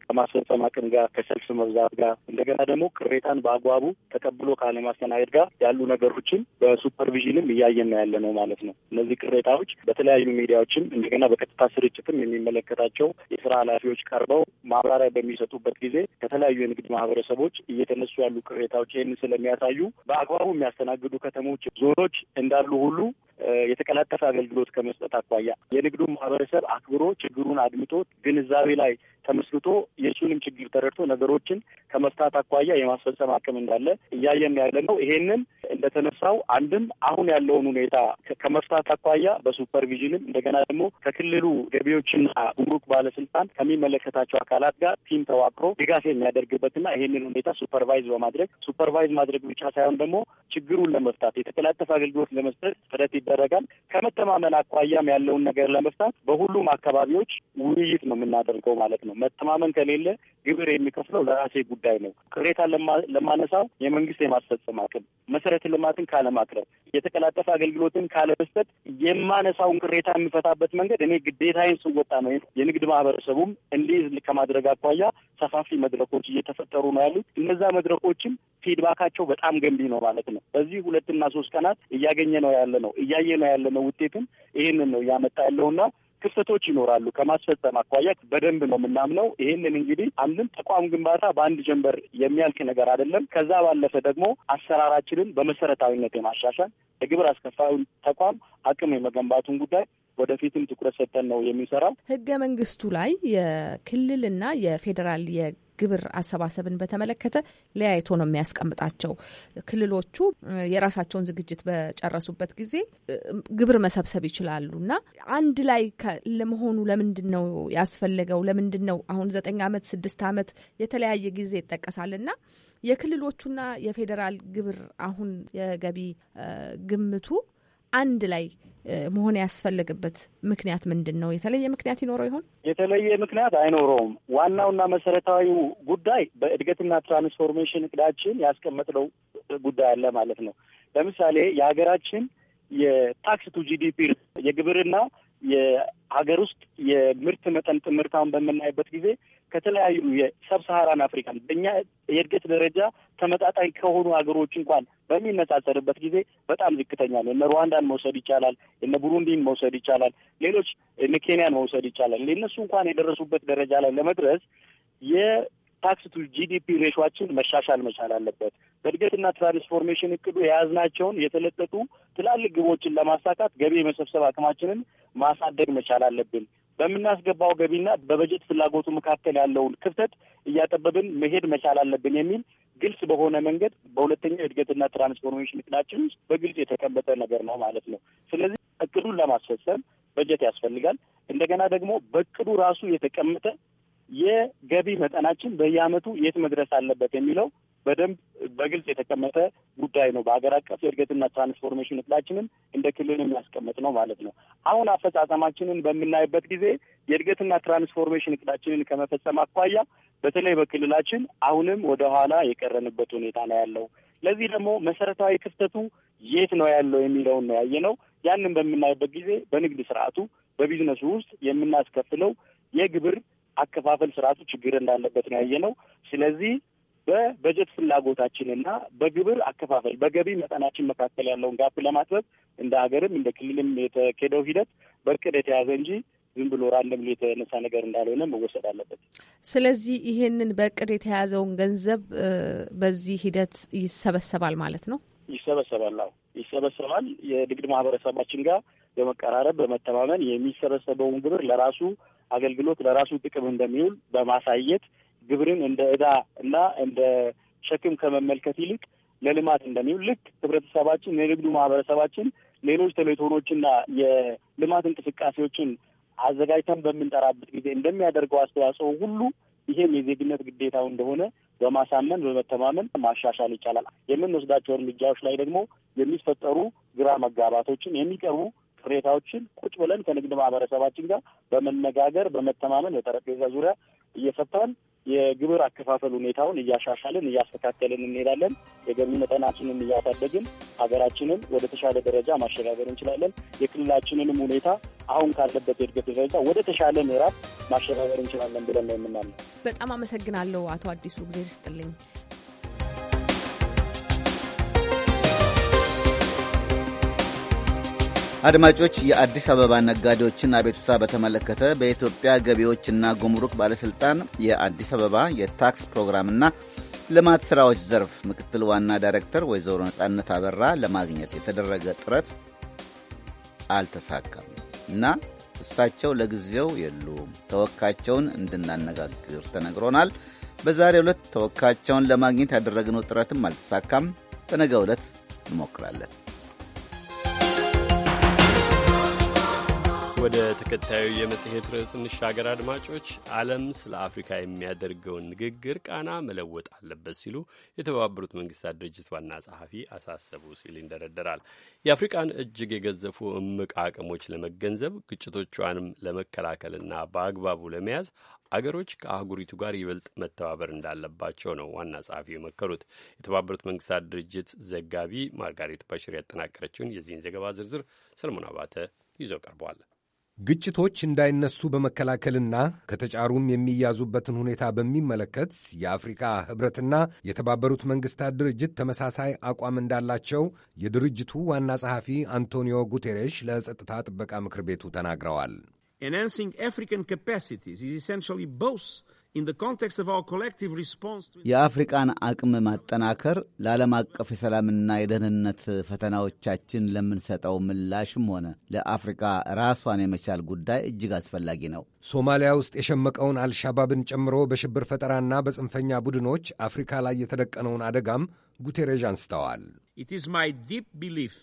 ከማስፈጸም አቅም ጋር፣ ከሰልፍ መብዛት ጋር እንደገና ደግሞ ቅሬታን በአግባቡ ተቀብሎ ካለማስተናገድ ጋር ያሉ ነገሮችን በሱፐርቪዥንም እያየን ያለ ነው ማለት ነው። እነዚህ ቅሬታዎች በተለያዩ ሚዲያዎችም እንደገና በቀጥታ ስርጭትም የሚመለ የሚመለከታቸው የስራ ኃላፊዎች ቀርበው ማብራሪያ በሚሰጡበት ጊዜ ከተለያዩ የንግድ ማህበረሰቦች እየተነሱ ያሉ ቅሬታዎች ይህን ስለሚያሳዩ በአግባቡ የሚያስተናግዱ ከተሞች፣ ዞኖች እንዳሉ ሁሉ የተቀላጠፈ አገልግሎት ከመስጠት አኳያ የንግዱን ማህበረሰብ አክብሮ ችግሩን አድምቶ ግንዛቤ ላይ ተመስርቶ የእሱንም ችግር ተረድቶ ነገሮችን ከመፍታት አኳያ የማስፈጸም አቅም እንዳለ እያየን ያለ ነው። ይሄንን እንደተነሳው አንድም አሁን ያለውን ሁኔታ ከመፍታት አኳያ በሱፐርቪዥንም እንደገና ደግሞ ከክልሉ ገቢዎችና ጉምሩክ ባለስልጣን ከሚመለከታቸው አካላት ጋር ቲም ተዋቅሮ ድጋፍ የሚያደርግበትና ይሄንን ሁኔታ ሱፐርቫይዝ በማድረግ ሱፐርቫይዝ ማድረግ ብቻ ሳይሆን ደግሞ ችግሩን ለመፍታት የተቀላጠፈ አገልግሎት ለመስጠት ጥረት ይደረጋል። ከመተማመን አኳያም ያለውን ነገር ለመፍታት በሁሉም አካባቢዎች ውይይት ነው የምናደርገው ማለት ነው። መተማመን ከሌለ ግብር የሚከፍለው ለራሴ ጉዳይ ነው። ቅሬታ ለማነሳው የመንግስት የማስፈጸም አቅም፣ መሰረተ ልማትን ካለማቅረብ፣ የተቀላጠፈ አገልግሎትን ካለመስጠት የማነሳውን ቅሬታ የሚፈታበት መንገድ እኔ ግዴታዬን ስወጣ ነው። የንግድ ማህበረሰቡም እንዲህ ከማድረግ አኳያ ሰፋፊ መድረኮች እየተፈጠሩ ነው ያሉት። እነዛ መድረኮችም ፊድባካቸው በጣም ገንቢ ነው ማለት ነው። በዚህ ሁለትና ሶስት ቀናት እያገኘ ነው ያለ ነው እያየ ነው ነው ውጤትም ይህንን ነው እያመጣ ያለውና ክፍተቶች ይኖራሉ። ከማስፈጸም አኳያ በደንብ ነው የምናምነው። ይህንን እንግዲህ አንድም ተቋም ግንባታ በአንድ ጀንበር የሚያልቅ ነገር አይደለም። ከዛ ባለፈ ደግሞ አሰራራችንን በመሰረታዊነት የማሻሻል የግብር አስከፋዩን ተቋም አቅም የመገንባቱን ጉዳይ ወደፊትም ትኩረት ሰጠን ነው የሚሰራው ህገ መንግስቱ ላይ የክልልና የፌዴራል ግብር አሰባሰብን በተመለከተ ለያይቶ ነው የሚያስቀምጣቸው። ክልሎቹ የራሳቸውን ዝግጅት በጨረሱበት ጊዜ ግብር መሰብሰብ ይችላሉ እና አንድ ላይ ለመሆኑ ለምንድን ነው ያስፈለገው? ለምንድን ነው አሁን ዘጠኝ ዓመት ስድስት ዓመት የተለያየ ጊዜ ይጠቀሳልና የክልሎቹና የፌዴራል ግብር አሁን የገቢ ግምቱ አንድ ላይ መሆን ያስፈለገበት ምክንያት ምንድን ነው? የተለየ ምክንያት ይኖረው ይሆን? የተለየ ምክንያት አይኖረውም። ዋናውና መሰረታዊው ጉዳይ በእድገትና ትራንስፎርሜሽን እቅዳችን ያስቀመጥነው ጉዳይ አለ ማለት ነው። ለምሳሌ የሀገራችን የታክስ ቱ ጂዲፒ የግብርና የሀገር ውስጥ የምርት መጠን ጥምርታውን በምናይበት ጊዜ ከተለያዩ የሰብ አፍሪካ አፍሪካን በእኛ የእድገት ደረጃ ተመጣጣኝ ከሆኑ ሀገሮች እንኳን በሚነጻጸርበት ጊዜ በጣም ዝቅተኛ ነው። እነ ሩዋንዳን መውሰድ ይቻላል። እነ ቡሩንዲን መውሰድ ይቻላል። ሌሎች እነ ኬንያን መውሰድ ይቻላል። እነሱ እንኳን የደረሱበት ደረጃ ላይ ለመድረስ የታክስ ቱ ጂዲፒ ሬሾችን መሻሻል መቻል አለበት። በእድገትና ትራንስፎርሜሽን እቅዱ የያዝናቸውን የተለጠጡ ትላልቅ ግቦችን ለማሳካት ገቢ የመሰብሰብ አቅማችንን ማሳደግ መቻል አለብን። በምናስገባው ገቢና በበጀት ፍላጎቱ መካከል ያለውን ክፍተት እያጠበብን መሄድ መቻል አለብን የሚል ግልጽ በሆነ መንገድ በሁለተኛው የእድገትና ትራንስፎርሜሽን እቅዳችን ውስጥ በግልጽ የተቀመጠ ነገር ነው ማለት ነው። ስለዚህ እቅዱን ለማስፈጸም በጀት ያስፈልጋል። እንደገና ደግሞ በእቅዱ ራሱ የተቀመጠ የገቢ መጠናችን በየአመቱ የት መድረስ አለበት የሚለው በደንብ በግልጽ የተቀመጠ ጉዳይ ነው። በሀገር አቀፍ የእድገትና ትራንስፎርሜሽን እቅላችንን እንደ ክልል የሚያስቀምጥ ነው ማለት ነው። አሁን አፈጻጸማችንን በምናይበት ጊዜ የእድገትና ትራንስፎርሜሽን እቅዳችንን ከመፈጸም አኳያ በተለይ በክልላችን አሁንም ወደኋላ የቀረንበት ሁኔታ ነው ያለው። ለዚህ ደግሞ መሰረታዊ ክፍተቱ የት ነው ያለው የሚለውን ነው ያየነው። ያንን በምናይበት ጊዜ በንግድ ስርዓቱ በቢዝነሱ ውስጥ የምናስከፍለው የግብር አከፋፈል ስርዓቱ ችግር እንዳለበት ነው ያየነው። ስለዚህ በበጀት ፍላጎታችንና በግብር አከፋፈል በገቢ መጠናችን መካከል ያለውን ጋፕ ለማጥበብ እንደ ሀገርም እንደ ክልልም የተኬደው ሂደት በእቅድ የተያዘ እንጂ ዝም ብሎ ራንደም የተነሳ ነገር እንዳልሆነ መወሰድ አለበት። ስለዚህ ይሄንን በእቅድ የተያዘውን ገንዘብ በዚህ ሂደት ይሰበሰባል ማለት ነው። ይሰበሰባል። አዎ ይሰበሰባል። የንግድ ማህበረሰባችን ጋር በመቀራረብ በመተማመን የሚሰበሰበውን ግብር ለራሱ አገልግሎት ለራሱ ጥቅም እንደሚውል በማሳየት ግብርን እንደ ዕዳ እና እንደ ሸክም ከመመልከት ይልቅ ለልማት እንደሚውል ልክ ህብረተሰባችን፣ የንግዱ ማህበረሰባችን ሌሎች ቴሌቶኖችና የልማት እንቅስቃሴዎችን አዘጋጅተን በምንጠራበት ጊዜ እንደሚያደርገው አስተዋጽኦ ሁሉ ይሄም የዜግነት ግዴታው እንደሆነ በማሳመን በመተማመን ማሻሻል ይቻላል። የምንወስዳቸው እርምጃዎች ላይ ደግሞ የሚፈጠሩ ግራ መጋባቶችን የሚቀርቡ ቅሬታዎችን ቁጭ ብለን ከንግድ ማህበረሰባችን ጋር በመነጋገር በመተማመን በጠረጴዛ ዙሪያ እየፈታን የግብር አከፋፈል ሁኔታውን እያሻሻልን እያስተካከልን እንሄዳለን። የገቢ መጠናችንን እያሳደግን ሀገራችንን ወደ ተሻለ ደረጃ ማሸጋገር እንችላለን። የክልላችንንም ሁኔታ አሁን ካለበት የእድገት ደረጃ ወደ ተሻለ ምዕራፍ ማሸጋገር እንችላለን ብለን ነው የምናምነው። በጣም አመሰግናለሁ አቶ አዲሱ ጊዜ ስጥልኝ። አድማጮች የአዲስ አበባ ነጋዴዎችን አቤቱታ በተመለከተ በኢትዮጵያ ገቢዎችና ጉምሩክ ባለሥልጣን የአዲስ አበባ የታክስ ፕሮግራምና ልማት ሥራዎች ዘርፍ ምክትል ዋና ዳይሬክተር ወይዘሮ ነጻነት አበራ ለማግኘት የተደረገ ጥረት አልተሳካም እና እሳቸው ለጊዜው የሉም። ተወካያቸውን እንድናነጋግር ተነግሮናል። በዛሬ ዕለት ተወካቸውን ለማግኘት ያደረግነው ጥረትም አልተሳካም። በነገ ዕለት እንሞክራለን። ወደ ተከታዩ የመጽሔት ርዕስ እንሻገር። አድማጮች፣ ዓለም ስለ አፍሪካ የሚያደርገውን ንግግር ቃና መለወጥ አለበት ሲሉ የተባበሩት መንግስታት ድርጅት ዋና ጸሐፊ አሳሰቡ ሲል ይንደረደራል። የአፍሪቃን እጅግ የገዘፉ እምቅ አቅሞች ለመገንዘብ ግጭቶቿንም ለመከላከልና በአግባቡ ለመያዝ አገሮች ከአህጉሪቱ ጋር ይበልጥ መተባበር እንዳለባቸው ነው ዋና ጸሐፊ የመከሩት። የተባበሩት መንግስታት ድርጅት ዘጋቢ ማርጋሬት ባሽር ያጠናቀረችውን የዚህን ዘገባ ዝርዝር ሰለሞን አባተ ይዞ ቀርቧል። ግጭቶች እንዳይነሱ በመከላከልና ከተጫሩም የሚያዙበትን ሁኔታ በሚመለከት የአፍሪካ ህብረትና የተባበሩት መንግስታት ድርጅት ተመሳሳይ አቋም እንዳላቸው የድርጅቱ ዋና ጸሐፊ አንቶኒዮ ጉቴሬሽ ለጸጥታ ጥበቃ ምክር ቤቱ ተናግረዋል። Enhancing African capacities is essentially both የአፍሪቃን አቅም ማጠናከር ለዓለም አቀፍ የሰላምና የደህንነት ፈተናዎቻችን ለምንሰጠው ምላሽም ሆነ ለአፍሪቃ ራሷን የመቻል ጉዳይ እጅግ አስፈላጊ ነው። ሶማሊያ ውስጥ የሸመቀውን አልሻባብን ጨምሮ በሽብር ፈጠራና በጽንፈኛ ቡድኖች አፍሪካ ላይ የተደቀነውን አደጋም ጉቴሬዥ አንስተዋል። ኢት ኢዝ ማይ ዲፕ ቢሊፍ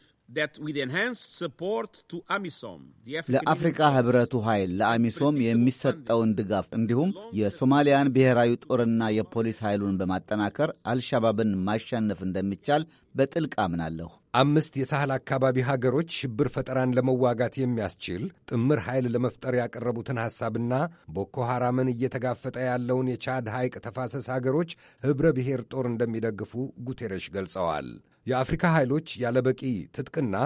ለአፍሪካ ህብረቱ ኃይል ለአሚሶም የሚሰጠውን ድጋፍ እንዲሁም የሶማሊያን ብሔራዊ ጦርና የፖሊስ ኃይሉን በማጠናከር አልሻባብን ማሸነፍ እንደሚቻል በጥልቅ አምናለሁ። አምስት የሳህል አካባቢ ሀገሮች ሽብር ፈጠራን ለመዋጋት የሚያስችል ጥምር ኃይል ለመፍጠር ያቀረቡትን ሐሳብና ቦኮ ሐራምን እየተጋፈጠ ያለውን የቻድ ሐይቅ ተፋሰስ ሀገሮች ኅብረ ብሔር ጦር እንደሚደግፉ ጉቴሬሽ ገልጸዋል። የአፍሪካ ኃይሎች ያለበቂ ትጥቅና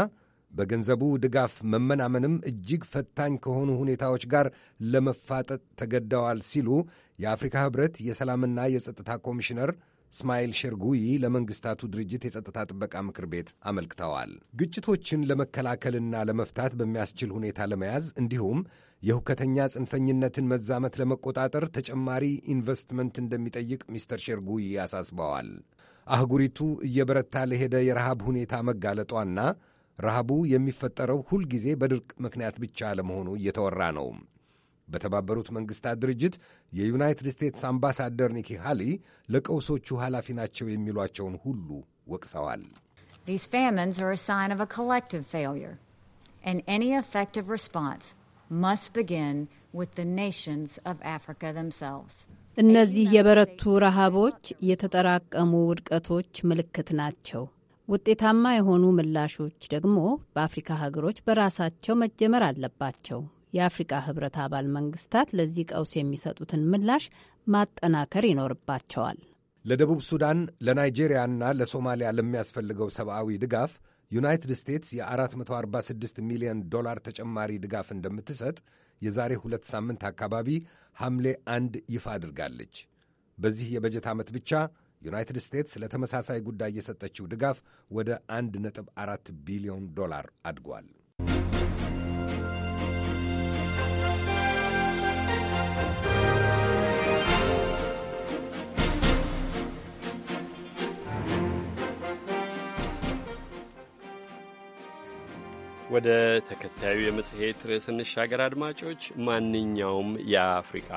በገንዘቡ ድጋፍ መመናመንም እጅግ ፈታኝ ከሆኑ ሁኔታዎች ጋር ለመፋጠጥ ተገደዋል ሲሉ የአፍሪካ ህብረት የሰላምና የጸጥታ ኮሚሽነር እስማኤል ሸርጉይ ለመንግሥታቱ ድርጅት የጸጥታ ጥበቃ ምክር ቤት አመልክተዋል። ግጭቶችን ለመከላከልና ለመፍታት በሚያስችል ሁኔታ ለመያዝ እንዲሁም የሁከተኛ ጽንፈኝነትን መዛመት ለመቆጣጠር ተጨማሪ ኢንቨስትመንት እንደሚጠይቅ ሚስተር ሸርጉይ አሳስበዋል። አህጉሪቱ እየበረታ ለሄደ የረሃብ ሁኔታ መጋለጧና ረሃቡ የሚፈጠረው ሁልጊዜ በድርቅ ምክንያት ብቻ ለመሆኑ እየተወራ ነው። በተባበሩት መንግሥታት ድርጅት የዩናይትድ ስቴትስ አምባሳደር ኒኪ ሃሊ ለቀውሶቹ ኃላፊ ናቸው የሚሏቸውን ሁሉ ወቅሰዋል። እነዚህ የበረቱ ረሃቦች የተጠራቀሙ ውድቀቶች ምልክት ናቸው። ውጤታማ የሆኑ ምላሾች ደግሞ በአፍሪካ ሀገሮች በራሳቸው መጀመር አለባቸው። የአፍሪካ ህብረት አባል መንግስታት ለዚህ ቀውስ የሚሰጡትን ምላሽ ማጠናከር ይኖርባቸዋል። ለደቡብ ሱዳን፣ ለናይጄሪያና ለሶማሊያ ለሚያስፈልገው ሰብአዊ ድጋፍ ዩናይትድ ስቴትስ የ446 ሚሊዮን ዶላር ተጨማሪ ድጋፍ እንደምትሰጥ የዛሬ ሁለት ሳምንት አካባቢ ሐምሌ አንድ ይፋ አድርጋለች። በዚህ የበጀት ዓመት ብቻ ዩናይትድ ስቴትስ ለተመሳሳይ ጉዳይ የሰጠችው ድጋፍ ወደ 1.4 ቢሊዮን ዶላር አድጓል። ወደ ተከታዩ የመጽሔት ርዕስ እንሻገር። አድማጮች፣ ማንኛውም የአፍሪቃ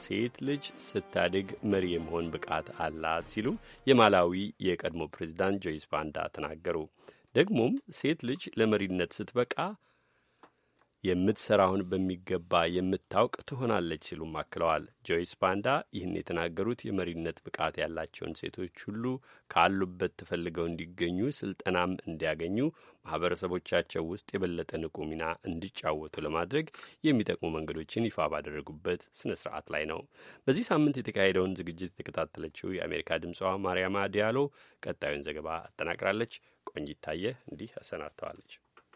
ሴት ልጅ ስታድግ መሪ የመሆን ብቃት አላት ሲሉ የማላዊ የቀድሞ ፕሬዚዳንት ጆይስ ባንዳ ተናገሩ። ደግሞም ሴት ልጅ ለመሪነት ስትበቃ የምትሰራውን በሚገባ የምታውቅ ትሆናለች ሲሉም አክለዋል። ጆይስ ባንዳ ይህን የተናገሩት የመሪነት ብቃት ያላቸውን ሴቶች ሁሉ ካሉበት ተፈልገው እንዲገኙ ስልጠናም እንዲያገኙ ማህበረሰቦቻቸው ውስጥ የበለጠ ንቁ ሚና እንዲጫወቱ ለማድረግ የሚጠቅሙ መንገዶችን ይፋ ባደረጉበት ስነ ስርዓት ላይ ነው። በዚህ ሳምንት የተካሄደውን ዝግጅት የተከታተለችው የአሜሪካ ድምፅዋ ማርያማ ዲያሎ ቀጣዩን ዘገባ አጠናቅራለች። ቆንጂት ታየ እንዲህ አሰናድተዋለች።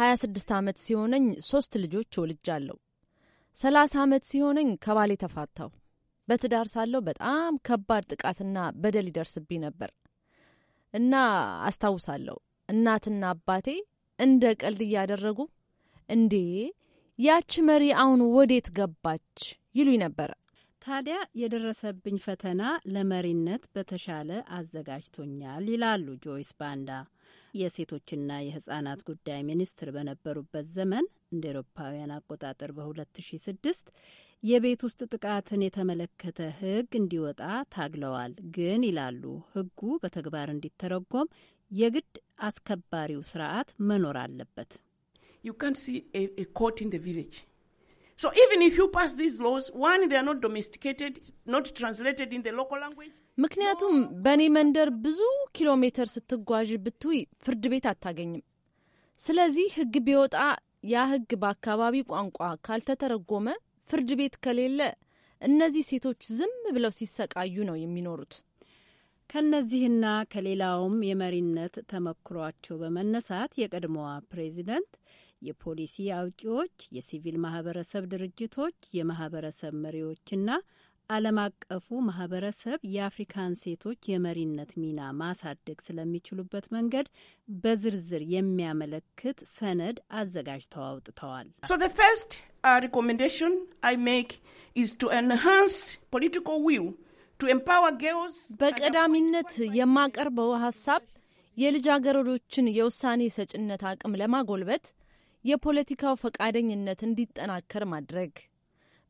26 ዓመት ሲሆነኝ ሶስት ልጆች ወልጃለሁ። 30 ዓመት ሲሆነኝ ከባሌ ተፋታሁ። በትዳር ሳለሁ በጣም ከባድ ጥቃትና በደል ይደርስብኝ ነበር እና አስታውሳለሁ እናትና አባቴ እንደ ቀልድ እያደረጉ እንዴ ያች መሪ አሁን ወዴት ገባች ይሉኝ ነበረ። ታዲያ የደረሰብኝ ፈተና ለመሪነት በተሻለ አዘጋጅቶኛል ይላሉ ጆይስ ባንዳ። የሴቶችና የህጻናት ጉዳይ ሚኒስትር በነበሩበት ዘመን እንደ ኤሮፓውያን አቆጣጠር በ2006 የቤት ውስጥ ጥቃትን የተመለከተ ህግ እንዲወጣ ታግለዋል። ግን ይላሉ ህጉ በተግባር እንዲተረጎም የግድ አስከባሪው ስርዓት መኖር አለበት። So even if you pass these laws, one, they are not domesticated, not translated in the local language. ምክንያቱም በእኔ መንደር ብዙ ኪሎ ሜትር ስትጓዥ ብትይ ፍርድ ቤት አታገኝም። ስለዚህ ህግ ቢወጣ ያ ህግ በአካባቢ ቋንቋ ካልተተረጎመ ፍርድ ቤት ከሌለ እነዚህ ሴቶች ዝም ብለው ሲሰቃዩ ነው የሚኖሩት። ከእነዚህና ከሌላውም የመሪነት ተመክሯቸው በመነሳት የቀድሞዋ ፕሬዚደንት የፖሊሲ አውጪዎች፣ የሲቪል ማህበረሰብ ድርጅቶች፣ የማህበረሰብ መሪዎችና ዓለም አቀፉ ማህበረሰብ የአፍሪካን ሴቶች የመሪነት ሚና ማሳደግ ስለሚችሉበት መንገድ በዝርዝር የሚያመለክት ሰነድ አዘጋጅተው አውጥተዋል። uh, በቀዳሚነት የማቀርበው ሀሳብ የልጃገረዶችን የውሳኔ ሰጭነት አቅም ለማጎልበት የፖለቲካው ፈቃደኝነት እንዲጠናከር ማድረግ፣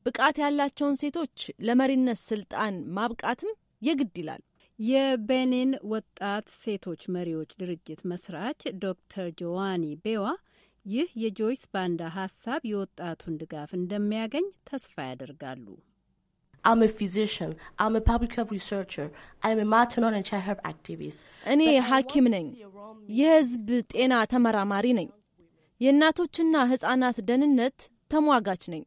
ብቃት ያላቸውን ሴቶች ለመሪነት ስልጣን ማብቃትም የግድ ይላል። የቤኒን ወጣት ሴቶች መሪዎች ድርጅት መስራች ዶክተር ጆዋኒ ቤዋ ይህ የጆይስ ባንዳ ሀሳብ የወጣቱን ድጋፍ እንደሚያገኝ ተስፋ ያደርጋሉ። እኔ ሐኪም ነኝ፣ የህዝብ ጤና ተመራማሪ ነኝ፣ የእናቶችና ሕፃናት ደህንነት ተሟጋች ነኝ።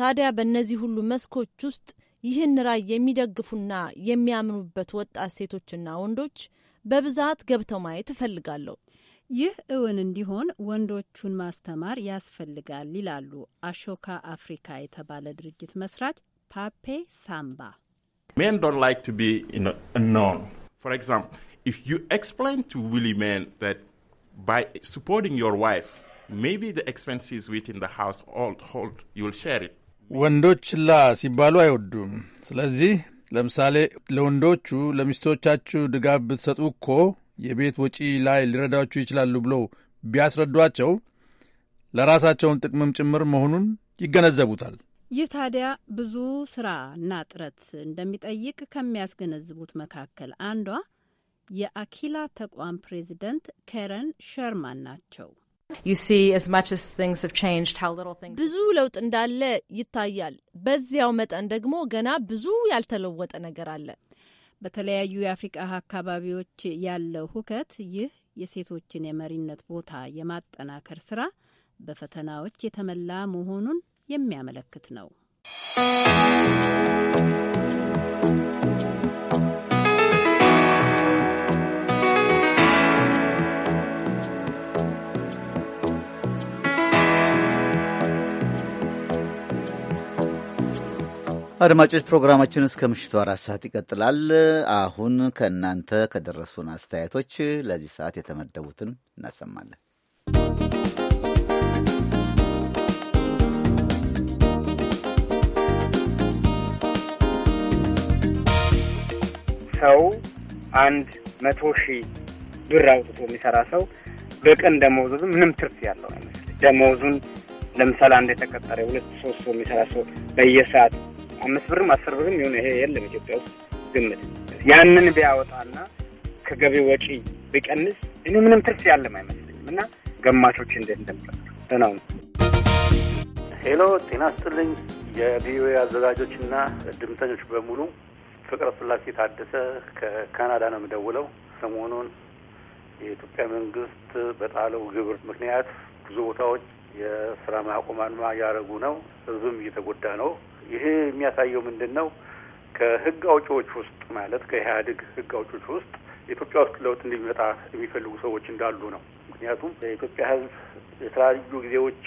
ታዲያ በእነዚህ ሁሉ መስኮች ውስጥ ይህን ራዕይ የሚደግፉና የሚያምኑበት ወጣት ሴቶችና ወንዶች በብዛት ገብተው ማየት እፈልጋለሁ። ይህ እውን እንዲሆን ወንዶቹን ማስተማር ያስፈልጋል ይላሉ አሾካ አፍሪካ የተባለ ድርጅት መስራች ፓፔ ሳምባ። ሜን ዶንት ላይክ ቱ ቢ ኖን ፎር ኤግዛምፕል ኢፍ ዩ ኤክስፕሌን ቱ ዊሊ ሜን ዛት ባይ ሰፖርቲንግ ዮር ዋይፍ ወንዶች ችላ ሲባሉ አይወዱም። ስለዚህ ለምሳሌ ለወንዶቹ ለሚስቶቻችሁ ድጋፍ ብትሰጡ እኮ የቤት ወጪ ላይ ሊረዳችሁ ይችላሉ ብለው ቢያስረዷቸው ለራሳቸውን ጥቅምም ጭምር መሆኑን ይገነዘቡታል። ይህ ታዲያ ብዙ ስራና ጥረት እንደሚጠይቅ ከሚያስገነዝቡት መካከል አንዷ የአኪላ ተቋም ፕሬዚደንት ከረን ሸርማን ናቸው። ብዙ ለውጥ እንዳለ ይታያል። በዚያው መጠን ደግሞ ገና ብዙ ያልተለወጠ ነገር አለ። በተለያዩ የአፍሪቃ አካባቢዎች ያለው ሁከት ይህ የሴቶችን የመሪነት ቦታ የማጠናከር ስራ በፈተናዎች የተመላ መሆኑን የሚያመለክት ነው። አድማጮች ፕሮግራማችን እስከ ምሽቱ አራት ሰዓት ይቀጥላል። አሁን ከእናንተ ከደረሱን አስተያየቶች ለዚህ ሰዓት የተመደቡትን እናሰማለን። ሰው አንድ መቶ ሺህ ብር አውጥቶ የሚሰራ ሰው በቀን ደመወዙ ግን ምንም ትርፍ ያለው አይመስል ደመወዙን ለምሳሌ አንድ የተቀጠረ ሁለት ሶስት ሰው የሚሰራ ሰው በየሰዓት አምስት ብርም አስር ብርም ይሁን ይሄ የለም ኢትዮጵያ ውስጥ ግምት ያንን ቢያወጣና ከገቢ ወጪ ቢቀንስ እኔ ምንም ትርፍ ያለም አይመስለኝም። እና ገማቾች እንደ እንደምጠ ነው። ሄሎ ጤና ስጥልኝ የቪኦኤ አዘጋጆችና ድምተኞች በሙሉ ፍቅረ ስላሴ ታደሰ ከካናዳ ነው የምደውለው። ሰሞኑን የኢትዮጵያ መንግስት በጣለው ግብር ምክንያት ብዙ ቦታዎች የስራ ማቆም አድማ እያደረጉ ነው። ህዝብም እየተጎዳ ነው። ይሄ የሚያሳየው ምንድን ነው? ከህግ አውጪዎች ውስጥ ማለት ከኢህአዴግ ህግ አውጪዎች ውስጥ ኢትዮጵያ ውስጥ ለውጥ እንዲመጣ የሚፈልጉ ሰዎች እንዳሉ ነው። ምክንያቱም የኢትዮጵያ ህዝብ የተለያዩ ጊዜዎች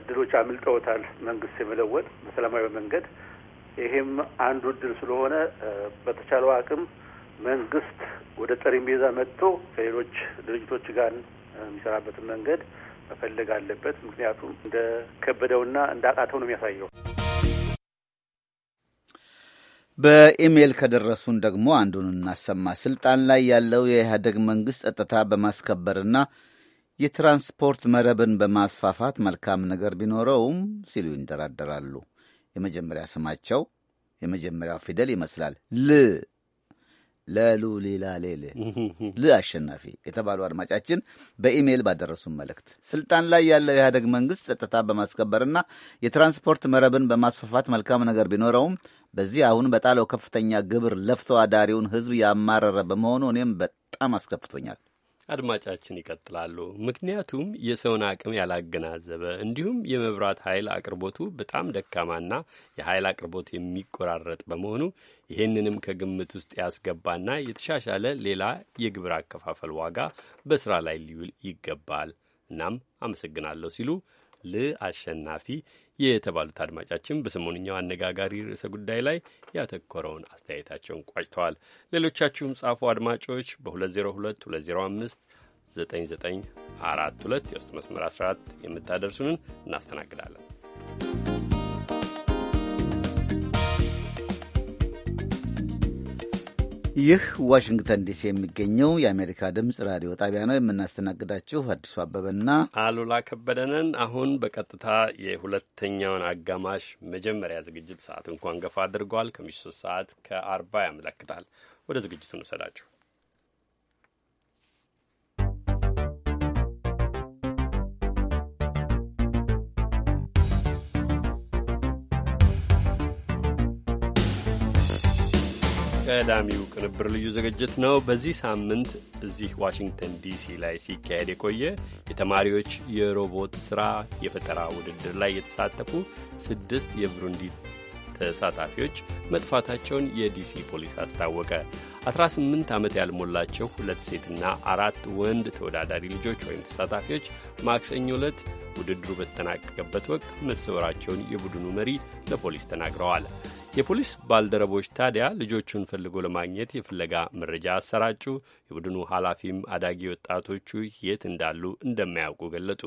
እድሎች አምልጠውታል፣ መንግስት የመለወጥ በሰላማዊ መንገድ። ይሄም አንዱ እድል ስለሆነ በተቻለው አቅም መንግስት ወደ ጠረጴዛ መጥቶ ከሌሎች ድርጅቶች ጋር የሚሰራበትን መንገድ መፈለግ አለበት። ምክንያቱም እንደ ከበደውና እንደ አቃተው ነው የሚያሳየው። በኢሜይል ከደረሱን ደግሞ አንዱን እናሰማ። ስልጣን ላይ ያለው የኢህአደግ መንግሥት ጸጥታ በማስከበርና የትራንስፖርት መረብን በማስፋፋት መልካም ነገር ቢኖረውም ሲሉ ይንደራደራሉ። የመጀመሪያ ስማቸው የመጀመሪያው ፊደል ይመስላል ል ሌል ል አሸናፊ የተባሉ አድማጫችን በኢሜይል ባደረሱን መልእክት ስልጣን ላይ ያለው የኢህአደግ መንግስት ጸጥታ በማስከበርና የትራንስፖርት መረብን በማስፋፋት መልካም ነገር ቢኖረውም በዚህ አሁን በጣለው ከፍተኛ ግብር ለፍቶ አዳሪውን ህዝብ ያማረረ በመሆኑ እኔም በጣም አስከፍቶኛል። አድማጫችን ይቀጥላሉ። ምክንያቱም የሰውን አቅም ያላገናዘበ እንዲሁም የመብራት ኃይል አቅርቦቱ በጣም ደካማና የኃይል አቅርቦት የሚቆራረጥ በመሆኑ ይህንንም ከግምት ውስጥ ያስገባና የተሻሻለ ሌላ የግብር አከፋፈል ዋጋ በስራ ላይ ሊውል ይገባል። እናም አመሰግናለሁ ሲሉ አሸናፊ። የተባሉት አድማጫችን በሰሞንኛው አነጋጋሪ ርዕሰ ጉዳይ ላይ ያተኮረውን አስተያየታቸውን ቋጭተዋል። ሌሎቻችሁም ጻፉ። አድማጮች በ 202205 205 9942 የውስጥ መስመር 14 የምታደርሱንን እናስተናግዳለን። ይህ ዋሽንግተን ዲሲ የሚገኘው የአሜሪካ ድምፅ ራዲዮ ጣቢያ ነው። የምናስተናግዳችሁ አዲሱ አበበና አሉላ ከበደንን። አሁን በቀጥታ የሁለተኛውን አጋማሽ መጀመሪያ ዝግጅት ሰዓት እንኳን ገፋ አድርጓል። ከምሽቱ ሶስት ሰዓት ከአርባ ያመለክታል። ወደ ዝግጅቱ እንውሰዳችሁ። ቀዳሚው ቅንብር ልዩ ዝግጅት ነው። በዚህ ሳምንት እዚህ ዋሽንግተን ዲሲ ላይ ሲካሄድ የቆየ የተማሪዎች የሮቦት ሥራ የፈጠራ ውድድር ላይ የተሳተፉ ስድስት የብሩንዲ ተሳታፊዎች መጥፋታቸውን የዲሲ ፖሊስ አስታወቀ። 18 ዓመት ያልሞላቸው ሁለት ሴትና አራት ወንድ ተወዳዳሪ ልጆች ወይም ተሳታፊዎች ማክሰኞ ዕለት ውድድሩ በተጠናቀቀበት ወቅት መሰወራቸውን የቡድኑ መሪ ለፖሊስ ተናግረዋል። የፖሊስ ባልደረቦች ታዲያ ልጆቹን ፈልጎ ለማግኘት የፍለጋ መረጃ አሰራጩ። የቡድኑ ኃላፊም አዳጊ ወጣቶቹ የት እንዳሉ እንደማያውቁ ገለጡ።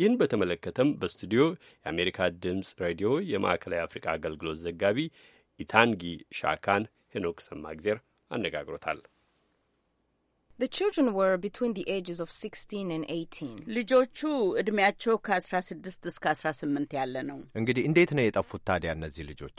ይህን በተመለከተም በስቱዲዮ የአሜሪካ ድምፅ ሬዲዮ የማዕከላዊ አፍሪቃ አገልግሎት ዘጋቢ ኢታንጊ ሻካን ሄኖክ ሰማግዜር አነጋግሮታል። ልጆቹ ዕድሜያቸው ከ16 እስከ 18 ያለ ነው። እንግዲህ እንዴት ነው የጠፉት ታዲያ እነዚህ ልጆች?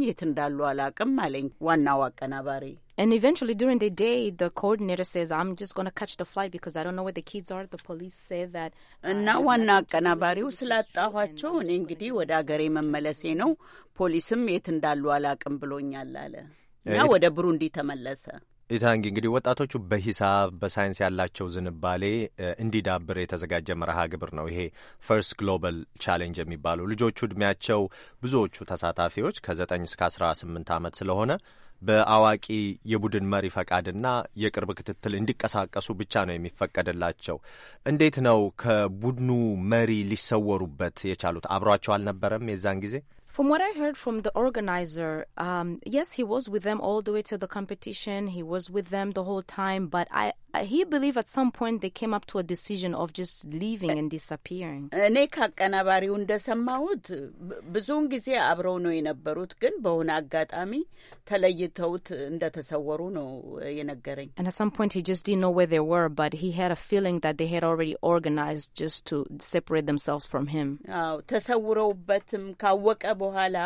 የት እንዳሉ አላቅም አለኝ ዋናው አቀናባሪ። And eventually during the day, the coordinator says, I'm just going to catch the flight because I don't know where the kids are. The police say that... እና ዋና አቀናባሪው ስላጣኋቸው እኔ እንግዲህ ወደ አገሬ መመለሴ ነው፣ ፖሊስም የት እንዳሉ አላቅም ብሎኛል አለ እና ወደ ብሩንዲ ተመለሰ። ኢታንጊ እንግዲህ ወጣቶቹ በሂሳብ በሳይንስ ያላቸው ዝንባሌ እንዲዳብር የተዘጋጀ መርሃ ግብር ነው ይሄ ፈርስት ግሎባል ቻሌንጅ የሚባለው። ልጆቹ እድሜያቸው ብዙዎቹ ተሳታፊዎች ከዘጠኝ እስከ አስራ ስምንት ዓመት ስለሆነ በአዋቂ የቡድን መሪ ፈቃድና የቅርብ ክትትል እንዲቀሳቀሱ ብቻ ነው የሚፈቀድላቸው። እንዴት ነው ከቡድኑ መሪ ሊሰወሩበት የቻሉት? አብሯቸው አልነበረም የዛን ጊዜ From what I heard from the organizer, um, yes, he was with them all the way to the competition. He was with them the whole time, but I he believed at some point they came up to a decision of just leaving and disappearing. እኔ ከአቀናባሪው እንደሰማሁት ብዙውን ጊዜ አብረው ነው የነበሩት፣ ግን በሆነ አጋጣሚ ተለይተውት እንደተሰወሩ ነው የነገረኝ። And at some point he just didn't know where they were, but he had a feeling that they had already organized just to separate themselves from him. አዎ ተሰውረውበትም ካወቀ በኋላ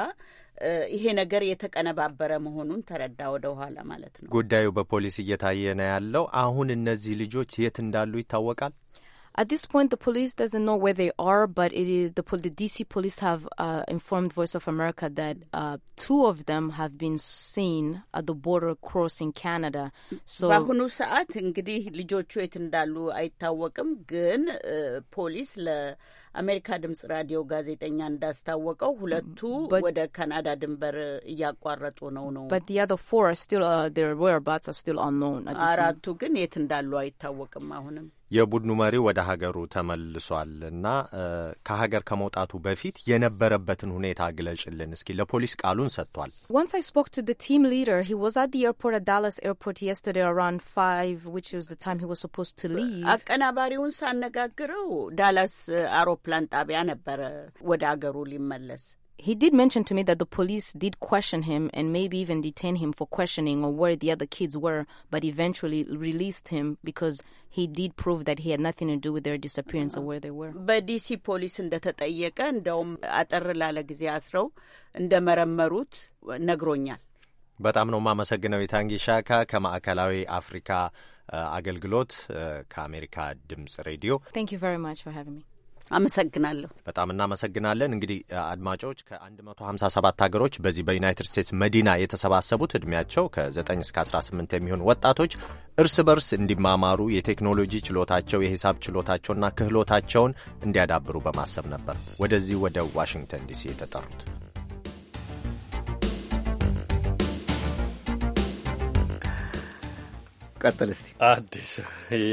ይሄ ነገር የተቀነባበረ መሆኑን ተረዳ ወደ ኋላ ማለት ነው። ጉዳዩ በፖሊስ እየታየ ነው ያለው። አሁን እነዚህ ልጆች የት እንዳሉ ይታወቃል። At this point, the police doesn't know where they are, but it is the, the DC police have uh, informed Voice of America that uh, two of them have been seen at the border crossing Canada. So, በአሁኑ ሰዓት እንግዲህ ልጆቹ የት እንዳሉ አይታወቅም፣ ግን uh, ፖሊስ አሜሪካ ድምጽ ራዲዮ ጋዜጠኛ እንዳስታወቀው ሁለቱ ወደ ካናዳ ድንበር እያቋረጡ ነው ነው uh, አራቱ ግን የት እንዳሉ አይታወቅም አሁንም የቡድኑ መሪ ወደ ሀገሩ ተመልሷል እና ከሀገር ከመውጣቱ በፊት የነበረበትን ሁኔታ ግለጭልን እስኪ። ለፖሊስ ቃሉን ሰጥቷል። አቀናባሪውን ሳነጋግረው ዳላስ አውሮፕላን ጣቢያ ነበረ ወደ ሀገሩ ሊመለስ he did mention to me that the police did question him and maybe even detain him for questioning or where the other kids were, but eventually released him because he did prove that he had nothing to do with their disappearance or where they were. But police በዲሲ ፖሊስ እንደተጠየቀ እንደውም አጠር ላለ But አስረው እንደመረመሩት ነግሮኛል። በጣም ነው የማመሰግነው። kama ሻካ ከማዕከላዊ አፍሪካ አገልግሎት ከአሜሪካ Dims radio. Thank you very much for having me. አመሰግናለሁ። በጣም እናመሰግናለን። እንግዲህ አድማጮች ከ157 ሀገሮች በዚህ በዩናይትድ ስቴትስ መዲና የተሰባሰቡት እድሜያቸው ከ9 እስከ 18 የሚሆኑ ወጣቶች እርስ በርስ እንዲማማሩ የቴክኖሎጂ ችሎታቸው፣ የሂሳብ ችሎታቸውና ክህሎታቸውን እንዲያዳብሩ በማሰብ ነበር ወደዚህ ወደ ዋሽንግተን ዲሲ የተጠሩት። ቀጥል እስቲ። አዲስ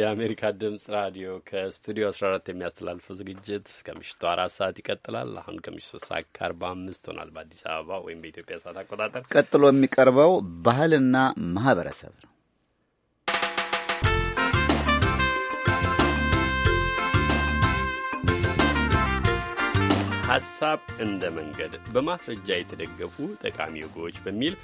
የአሜሪካ ድምጽ ራዲዮ ከስቱዲዮ 14 የሚያስተላልፈው ዝግጅት ከምሽቱ አራት ሰዓት ይቀጥላል። አሁን ከምሽቱ ሶስት ሰዓት ከአርባ አምስት ሆኗል በአዲስ አበባ ወይም በኢትዮጵያ ሰዓት አቆጣጠር። ቀጥሎ የሚቀርበው ባህልና ማህበረሰብ ነው። ሀሳብ እንደ መንገድ በማስረጃ የተደገፉ ጠቃሚ ወጎች በሚል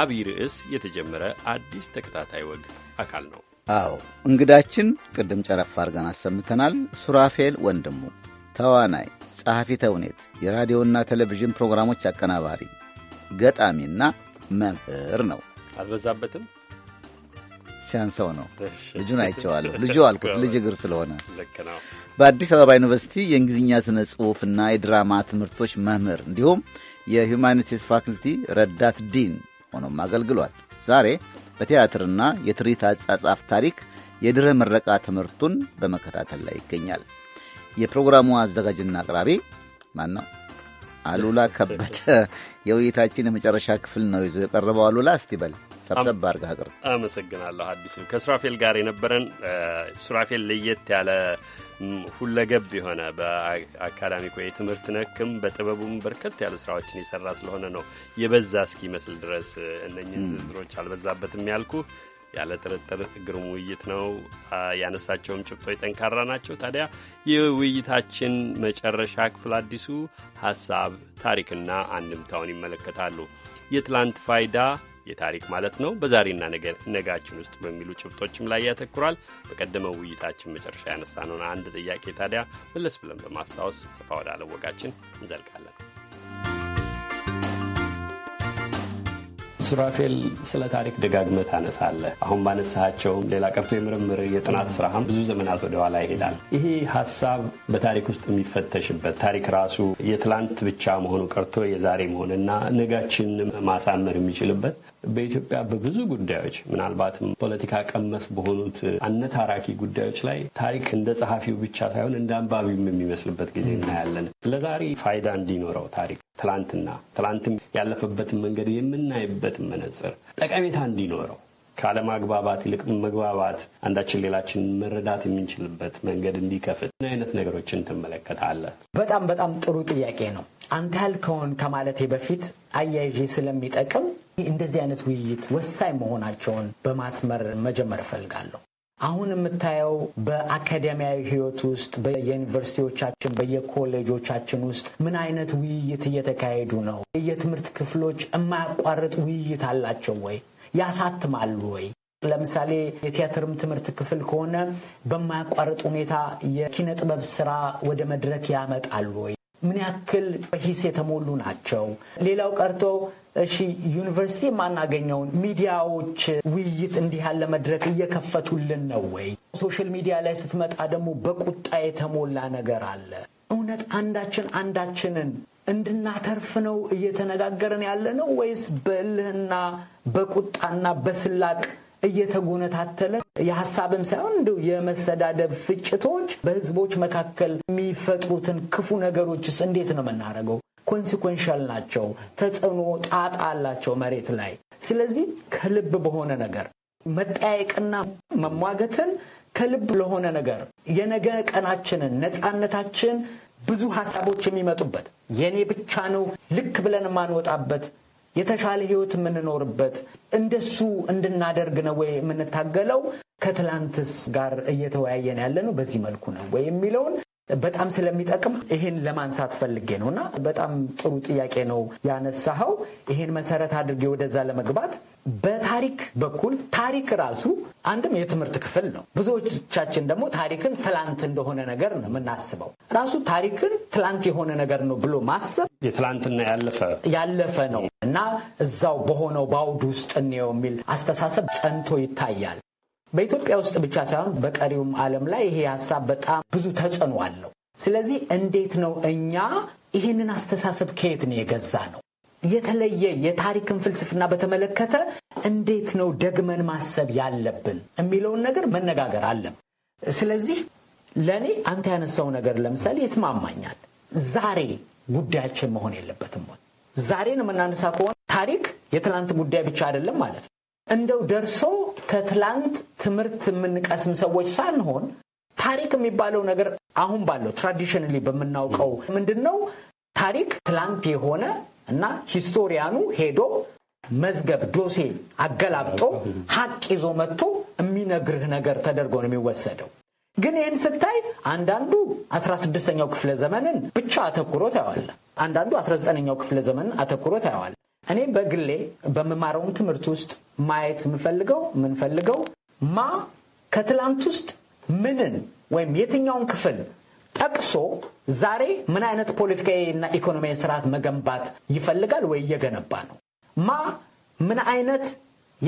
አብይ ርዕስ የተጀመረ አዲስ ተከታታይ ወግ አካል ነው። አዎ እንግዳችን ቅድም ጨረፍ አድርገን አሰምተናል። ሱራፌል ወንድሙ ተዋናይ፣ ጸሐፊ ተውኔት፣ የራዲዮና ቴሌቪዥን ፕሮግራሞች አቀናባሪ፣ ገጣሚና መምህር ነው። አልበዛበትም ሲያንሰው ነው። ልጁን አይቼዋለሁ። ልጁ አልኩት፣ ልጅ እግር ስለሆነ በአዲስ አበባ ዩኒቨርሲቲ የእንግሊዝኛ ስነ ጽሑፍና የድራማ ትምህርቶች መምህር እንዲሁም የሁማኒቲስ ፋክልቲ ረዳት ዲን ሆኖም አገልግሏል። ዛሬ በቲያትርና የትርኢት አጻጻፍ ታሪክ የድረ ምረቃ ትምህርቱን በመከታተል ላይ ይገኛል። የፕሮግራሙ አዘጋጅና አቅራቢ ማን ነው? አሉላ ከበደ። የውይይታችን የመጨረሻ ክፍል ነው ይዞ የቀረበው። አሉላ እስቲ በል ሰብሰብ አድርገህ አቅርብ። አመሰግናለሁ አዲሱ። ከሱራፌል ጋር የነበረን ሱራፌል ለየት ያለ ሁለገብ የሆነ በአካዳሚክ ወይ ትምህርት ነክም በጥበቡም በርከት ያሉ ስራዎችን የሰራ ስለሆነ ነው የበዛ እስኪ መስል ድረስ እነኝህን ዝርዝሮች አልበዛበትም ያልኩ። ያለ ጥርጥር ግሩም ውይይት ነው። ያነሳቸውም ጭብጦች ጠንካራ ናቸው። ታዲያ የውይይታችን መጨረሻ ክፍል አዲሱ ሀሳብ ታሪክና አንድምታውን ይመለከታሉ። የትላንት ፋይዳ የታሪክ ማለት ነው በዛሬና ነጋችን ውስጥ በሚሉ ጭብጦችም ላይ ያተኩራል። በቀደመው ውይይታችን መጨረሻ ያነሳነውን አንድ ጥያቄ ታዲያ መለስ ብለን በማስታወስ ሰፋ ወዳለ ወጋችን እንዘልቃለን። ሱራፌል ስለ ታሪክ ደጋግመህ ታነሳለህ። አሁን ባነሳቸውም ሌላ ቀርቶ የምርምር የጥናት ስራህም ብዙ ዘመናት ወደኋላ ይሄዳል። ይሄ ሀሳብ በታሪክ ውስጥ የሚፈተሽበት ታሪክ ራሱ የትላንት ብቻ መሆኑ ቀርቶ የዛሬ መሆንና ነጋችንን ማሳመር የሚችልበት በኢትዮጵያ በብዙ ጉዳዮች ምናልባትም ፖለቲካ ቀመስ በሆኑት አነታራኪ ጉዳዮች ላይ ታሪክ እንደ ጸሐፊው ብቻ ሳይሆን እንደ አንባቢም የሚመስልበት ጊዜ እናያለን። ለዛሬ ፋይዳ እንዲኖረው ታሪክ ትላንትና ትላንትም ያለፈበትን መንገድ የምናይበት መነጽር ጠቀሜታ እንዲኖረው ከአለማግባባት ይልቅ መግባባት፣ አንዳችን ሌላችን መረዳት የምንችልበት መንገድ እንዲከፍት ምን አይነት ነገሮችን ትመለከታለህ? በጣም በጣም ጥሩ ጥያቄ ነው። አንተ ያልከውን ከማለቴ በፊት አያይዤ ስለሚጠቅም እንደዚህ አይነት ውይይት ወሳኝ መሆናቸውን በማስመር መጀመር እፈልጋለሁ። አሁን የምታየው በአካዳሚያዊ ሕይወት ውስጥ በየዩኒቨርሲቲዎቻችን በየኮሌጆቻችን ውስጥ ምን አይነት ውይይት እየተካሄዱ ነው? የትምህርት ክፍሎች የማያቋርጥ ውይይት አላቸው ወይ? ያሳትማሉ ወይ? ለምሳሌ የቲያትርም ትምህርት ክፍል ከሆነ በማያቋርጥ ሁኔታ የኪነ ጥበብ ስራ ወደ መድረክ ያመጣሉ ወይ? ምን ያክል በሂስ የተሞሉ ናቸው? ሌላው ቀርቶ እሺ ዩኒቨርሲቲ የማናገኘውን ሚዲያዎች ውይይት እንዲህ ያለ መድረክ እየከፈቱልን ነው ወይ? ሶሻል ሚዲያ ላይ ስትመጣ ደግሞ በቁጣ የተሞላ ነገር አለ። እውነት አንዳችን አንዳችንን እንድናተርፍ ነው እየተነጋገርን ያለ ነው ወይስ በእልህና በቁጣና በስላቅ እየተጎነታተለ የሀሳብም ሳይሆን እንዲሁ የመሰዳደብ ፍጭቶች በህዝቦች መካከል የሚፈጥሩትን ክፉ ነገሮችስ እንዴት ነው የምናደርገው? ኮንሲኮንሻል ናቸው። ተጽዕኖ ጣጣ አላቸው መሬት ላይ። ስለዚህ ከልብ በሆነ ነገር መጠያየቅና መሟገትን ከልብ ለሆነ ነገር የነገ ቀናችንን ነፃነታችን ብዙ ሀሳቦች የሚመጡበት የእኔ ብቻ ነው ልክ ብለን የማንወጣበት የተሻለ ህይወት የምንኖርበት እንደሱ እንድናደርግ ነው ወይ የምንታገለው ከትላንትስ ጋር እየተወያየን ያለ ነው በዚህ መልኩ ነው ወይ የሚለውን በጣም ስለሚጠቅም ይሄን ለማንሳት ፈልጌ ነው እና በጣም ጥሩ ጥያቄ ነው ያነሳኸው። ይሄን መሰረት አድርጌ ወደዛ ለመግባት በታሪክ በኩል ታሪክ ራሱ አንድም የትምህርት ክፍል ነው። ብዙዎቻችን ደግሞ ታሪክን ትላንት እንደሆነ ነገር ነው የምናስበው። ራሱ ታሪክን ትላንት የሆነ ነገር ነው ብሎ ማሰብ የትላንትና ያለፈ ያለፈ ነው እና እዛው በሆነው በአውድ ውስጥ እንየው የሚል አስተሳሰብ ጸንቶ ይታያል። በኢትዮጵያ ውስጥ ብቻ ሳይሆን በቀሪውም ዓለም ላይ ይሄ ሀሳብ በጣም ብዙ ተጽዕኖ አለው። ስለዚህ እንዴት ነው እኛ ይህንን አስተሳሰብ ከየት ነው የገዛ ነው? የተለየ የታሪክን ፍልስፍና በተመለከተ እንዴት ነው ደግመን ማሰብ ያለብን የሚለውን ነገር መነጋገር አለም። ስለዚህ ለእኔ አንተ ያነሳው ነገር ለምሳሌ ይስማማኛል። ዛሬ ጉዳያችን መሆን የለበትም። ዛሬን የምናነሳ ከሆነ ታሪክ የትናንት ጉዳይ ብቻ አይደለም ማለት ነው። እንደው ደርሶ ከትላንት ትምህርት የምንቀስም ሰዎች ሳንሆን ታሪክ የሚባለው ነገር አሁን ባለው ትራዲሽናሊ በምናውቀው ምንድን ነው ታሪክ ትላንት የሆነ እና ሂስቶሪያኑ ሄዶ መዝገብ ዶሴ አገላብጦ ሀቅ ይዞ መጥቶ የሚነግርህ ነገር ተደርጎ ነው የሚወሰደው። ግን ይህን ስታይ አንዳንዱ 16ኛው ክፍለ ዘመንን ብቻ አተኩሮ ታየዋለህ። አንዳንዱ 19ኛው ክፍለ ዘመንን አተኩሮ ታየዋለህ። እኔ በግሌ በምማረውም ትምህርት ውስጥ ማየት የምፈልገው ምንፈልገው ማ ከትላንት ውስጥ ምንን ወይም የትኛውን ክፍል ጠቅሶ ዛሬ ምን አይነት ፖለቲካዊ እና ኢኮኖሚያዊ ስርዓት መገንባት ይፈልጋል ወይ እየገነባ ነው? ማ ምን አይነት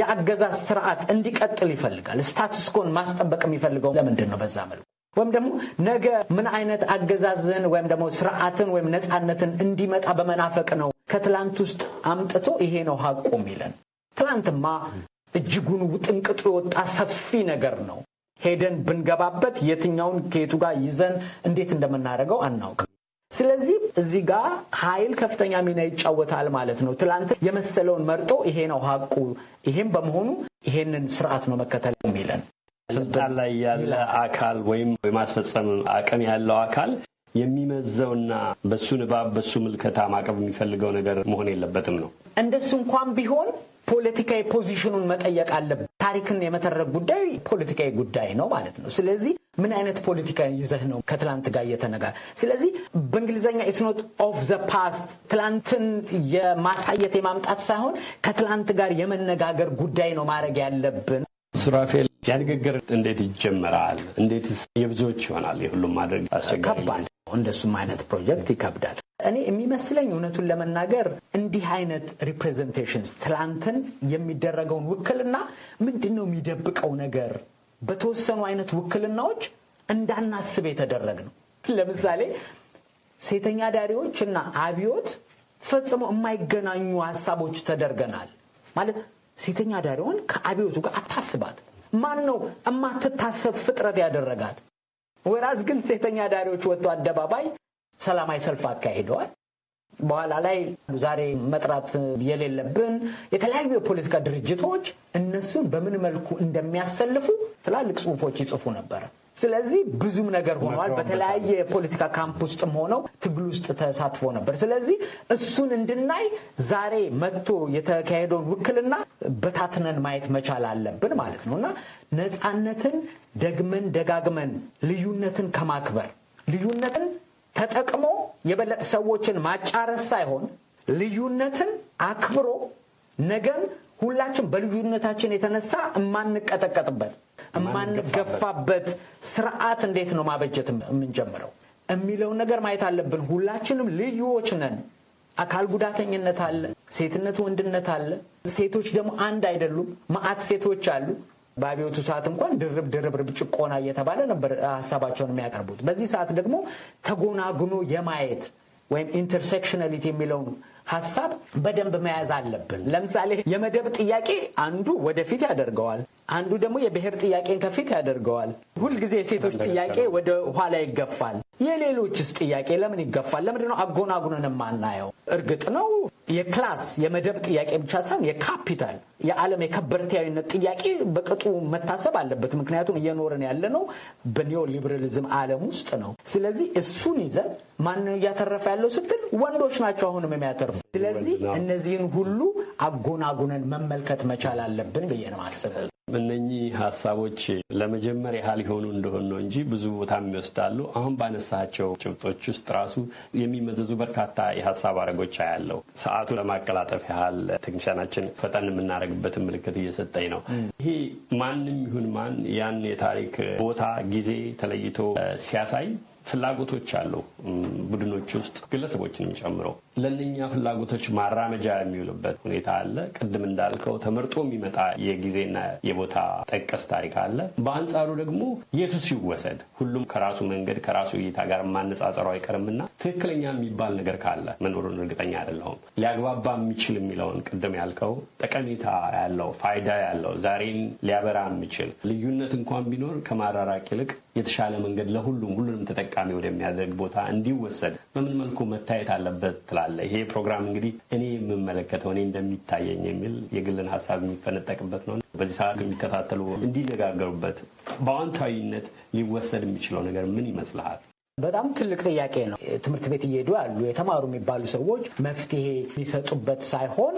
የአገዛዝ ስርዓት እንዲቀጥል ይፈልጋል? ስታትስኮን ማስጠበቅ የሚፈልገው ለምንድን ነው? በዛ መልኩ ወይም ደግሞ ነገ ምን አይነት አገዛዝን ወይም ደግሞ ስርዓትን ወይም ነፃነትን እንዲመጣ በመናፈቅ ነው ከትላንት ውስጥ አምጥቶ ይሄ ነው ሀቁ የሚለን። ትላንትማ እጅጉን ውጥንቅጡ የወጣ ሰፊ ነገር ነው። ሄደን ብንገባበት የትኛውን ከየቱ ጋር ይዘን እንዴት እንደምናደርገው አናውቅም። ስለዚህ እዚህ ጋር ኃይል ከፍተኛ ሚና ይጫወታል ማለት ነው። ትላንት የመሰለውን መርጦ ይሄ ነው ሀቁ፣ ይሄም በመሆኑ ይሄንን ስርዓት ነው መከተል የሚለን ስልጣን ላይ ያለ አካል ወይም የማስፈጸም አቅም ያለው አካል የሚመዘውና በሱ ንባብ በሱ ምልከታ ማቀብ የሚፈልገው ነገር መሆን የለበትም ነው። እንደሱ እንኳን ቢሆን ፖለቲካዊ ፖዚሽኑን መጠየቅ አለብን። ታሪክን የመተረክ ጉዳይ ፖለቲካዊ ጉዳይ ነው ማለት ነው። ስለዚህ ምን አይነት ፖለቲካ ይዘህ ነው ከትላንት ጋር እየተነጋ ስለዚህ በእንግሊዝኛ ኢስኖት ኦፍ ዘ ፓስት ትላንትን የማሳየት የማምጣት ሳይሆን ከትላንት ጋር የመነጋገር ጉዳይ ነው ማድረግ ያለብን ሱራፌል ያንግግር እንዴት ይጀመራል? እንዴት የብዙዎች ይሆናል? የሁሉም ማድረግ አስቸጋሪ እንደሱም አይነት ፕሮጀክት ይከብዳል። እኔ የሚመስለኝ እውነቱን ለመናገር እንዲህ አይነት ሪፕሬዘንቴሽንስ ትላንትን የሚደረገውን ውክልና ምንድን ነው የሚደብቀው ነገር በተወሰኑ አይነት ውክልናዎች እንዳናስብ የተደረግ ነው። ለምሳሌ ሴተኛ ዳሪዎች እና አብዮት ፈጽሞ የማይገናኙ ሀሳቦች ተደርገናል ማለት ሴተኛ አዳሪዋን ከአብዮቱ ጋር አታስባት። ማን ነው እማትታሰብ ፍጥረት ያደረጋት? ወራዝ ግን ሴተኛ አዳሪዎች ወጥቶ አደባባይ ሰላማዊ ሰልፍ አካሂደዋል። በኋላ ላይ ዛሬ መጥራት የሌለብን የተለያዩ የፖለቲካ ድርጅቶች እነሱን በምን መልኩ እንደሚያሰልፉ ትላልቅ ጽሁፎች ይጽፉ ነበር። ስለዚህ ብዙም ነገር ሆነዋል። በተለያየ የፖለቲካ ካምፕ ውስጥም ሆነው ትግል ውስጥ ተሳትፎ ነበር። ስለዚህ እሱን እንድናይ ዛሬ መጥቶ የተካሄደውን ውክልና በታትነን ማየት መቻል አለብን ማለት ነው እና ነፃነትን ደግመን ደጋግመን ልዩነትን ከማክበር ልዩነትን ተጠቅሞ የበለጠ ሰዎችን ማጫረስ ሳይሆን ልዩነትን አክብሮ ነገን ሁላችን በልዩነታችን የተነሳ እማንቀጠቀጥበት እማንገፋበት ስርዓት እንዴት ነው ማበጀት የምንጀምረው የሚለውን ነገር ማየት አለብን። ሁላችንም ልዩዎች ነን። አካል ጉዳተኝነት አለ፣ ሴትነት ወንድነት አለ። ሴቶች ደግሞ አንድ አይደሉም። ማአት ሴቶች አሉ። በአብዮቱ ሰዓት እንኳን ድርብ ድርብ ጭቆና እየተባለ ነበር ሀሳባቸውን የሚያቀርቡት። በዚህ ሰዓት ደግሞ ተጎናጉኖ የማየት ወይም ኢንተርሴክሽናሊቲ የሚለውን ሀሳብ በደንብ መያዝ አለብን። ለምሳሌ የመደብ ጥያቄ አንዱ ወደፊት ያደርገዋል፣ አንዱ ደግሞ የብሔር ጥያቄን ከፊት ያደርገዋል። ሁልጊዜ የሴቶች ጥያቄ ወደ ኋላ ይገፋል። የሌሎችስ ጥያቄ ለምን ይገፋል? ለምንድነው አጎናጉነን የማናየው? እርግጥ ነው የክላስ የመደብ ጥያቄ ብቻ ሳይሆን የካፒታል የዓለም የከበርቴያዊነት ጥያቄ በቅጡ መታሰብ አለበት። ምክንያቱም እየኖርን ያለነው በኒዮ ሊበራሊዝም ዓለም ውስጥ ነው። ስለዚህ እሱን ይዘን ማነው እያተረፈ ያለው ስትል ወንዶች ናቸው አሁንም የሚያተርፉ። ስለዚህ እነዚህን ሁሉ አጎናጉነን መመልከት መቻል አለብን ብዬ ነው ማስበው። እነኚህ ሀሳቦች ለመጀመር ያህል የሆኑ እንደሆን ነው እንጂ ብዙ ቦታም ይወስዳሉ። አሁን ባነሳቸው ጭብጦች ውስጥ ራሱ የሚመዘዙ በርካታ የሀሳብ አረጎች ያለው ሰዓቱ ለማቀላጠፍ ያህል ቴክኒሻናችን ፈጠን የምናደርግበትን ምልክት እየሰጠኝ ነው። ይሄ ማንም ይሁን ማን ያን የታሪክ ቦታ ጊዜ ተለይቶ ሲያሳይ ፍላጎቶች አሉ ቡድኖች ውስጥ ግለሰቦችንም ጨምሮ ለእነኛ ፍላጎቶች ማራመጃ የሚውልበት ሁኔታ አለ። ቅድም እንዳልከው ተመርጦ የሚመጣ የጊዜና የቦታ ጠቀስ ታሪክ አለ። በአንጻሩ ደግሞ የቱ ሲወሰድ ሁሉም ከራሱ መንገድ ከራሱ እይታ ጋር ማነጻጸሩ አይቀርምና ትክክለኛ የሚባል ነገር ካለ መኖሩን እርግጠኛ አይደለሁም። ሊያግባባ የሚችል የሚለውን ቅድም ያልከው ጠቀሜታ ያለው ፋይዳ ያለው ዛሬን ሊያበራ የሚችል ልዩነት እንኳን ቢኖር ከማራራቅ ይልቅ የተሻለ መንገድ ለሁሉም ሁሉንም ተጠቃሚ ወደሚያደርግ ቦታ እንዲወሰድ በምን መልኩ መታየት አለበት? ስላለ ይሄ ፕሮግራም እንግዲህ እኔ የምመለከተው እኔ እንደሚታየኝ የሚል የግልን ሀሳብ የሚፈነጠቅበት ነው። በዚህ ሰዓት የሚከታተሉ እንዲነጋገሩበት በአዋንታዊነት ሊወሰድ የሚችለው ነገር ምን ይመስልሃል? በጣም ትልቅ ጥያቄ ነው። ትምህርት ቤት እየሄዱ ያሉ የተማሩ የሚባሉ ሰዎች መፍትሄ የሚሰጡበት ሳይሆን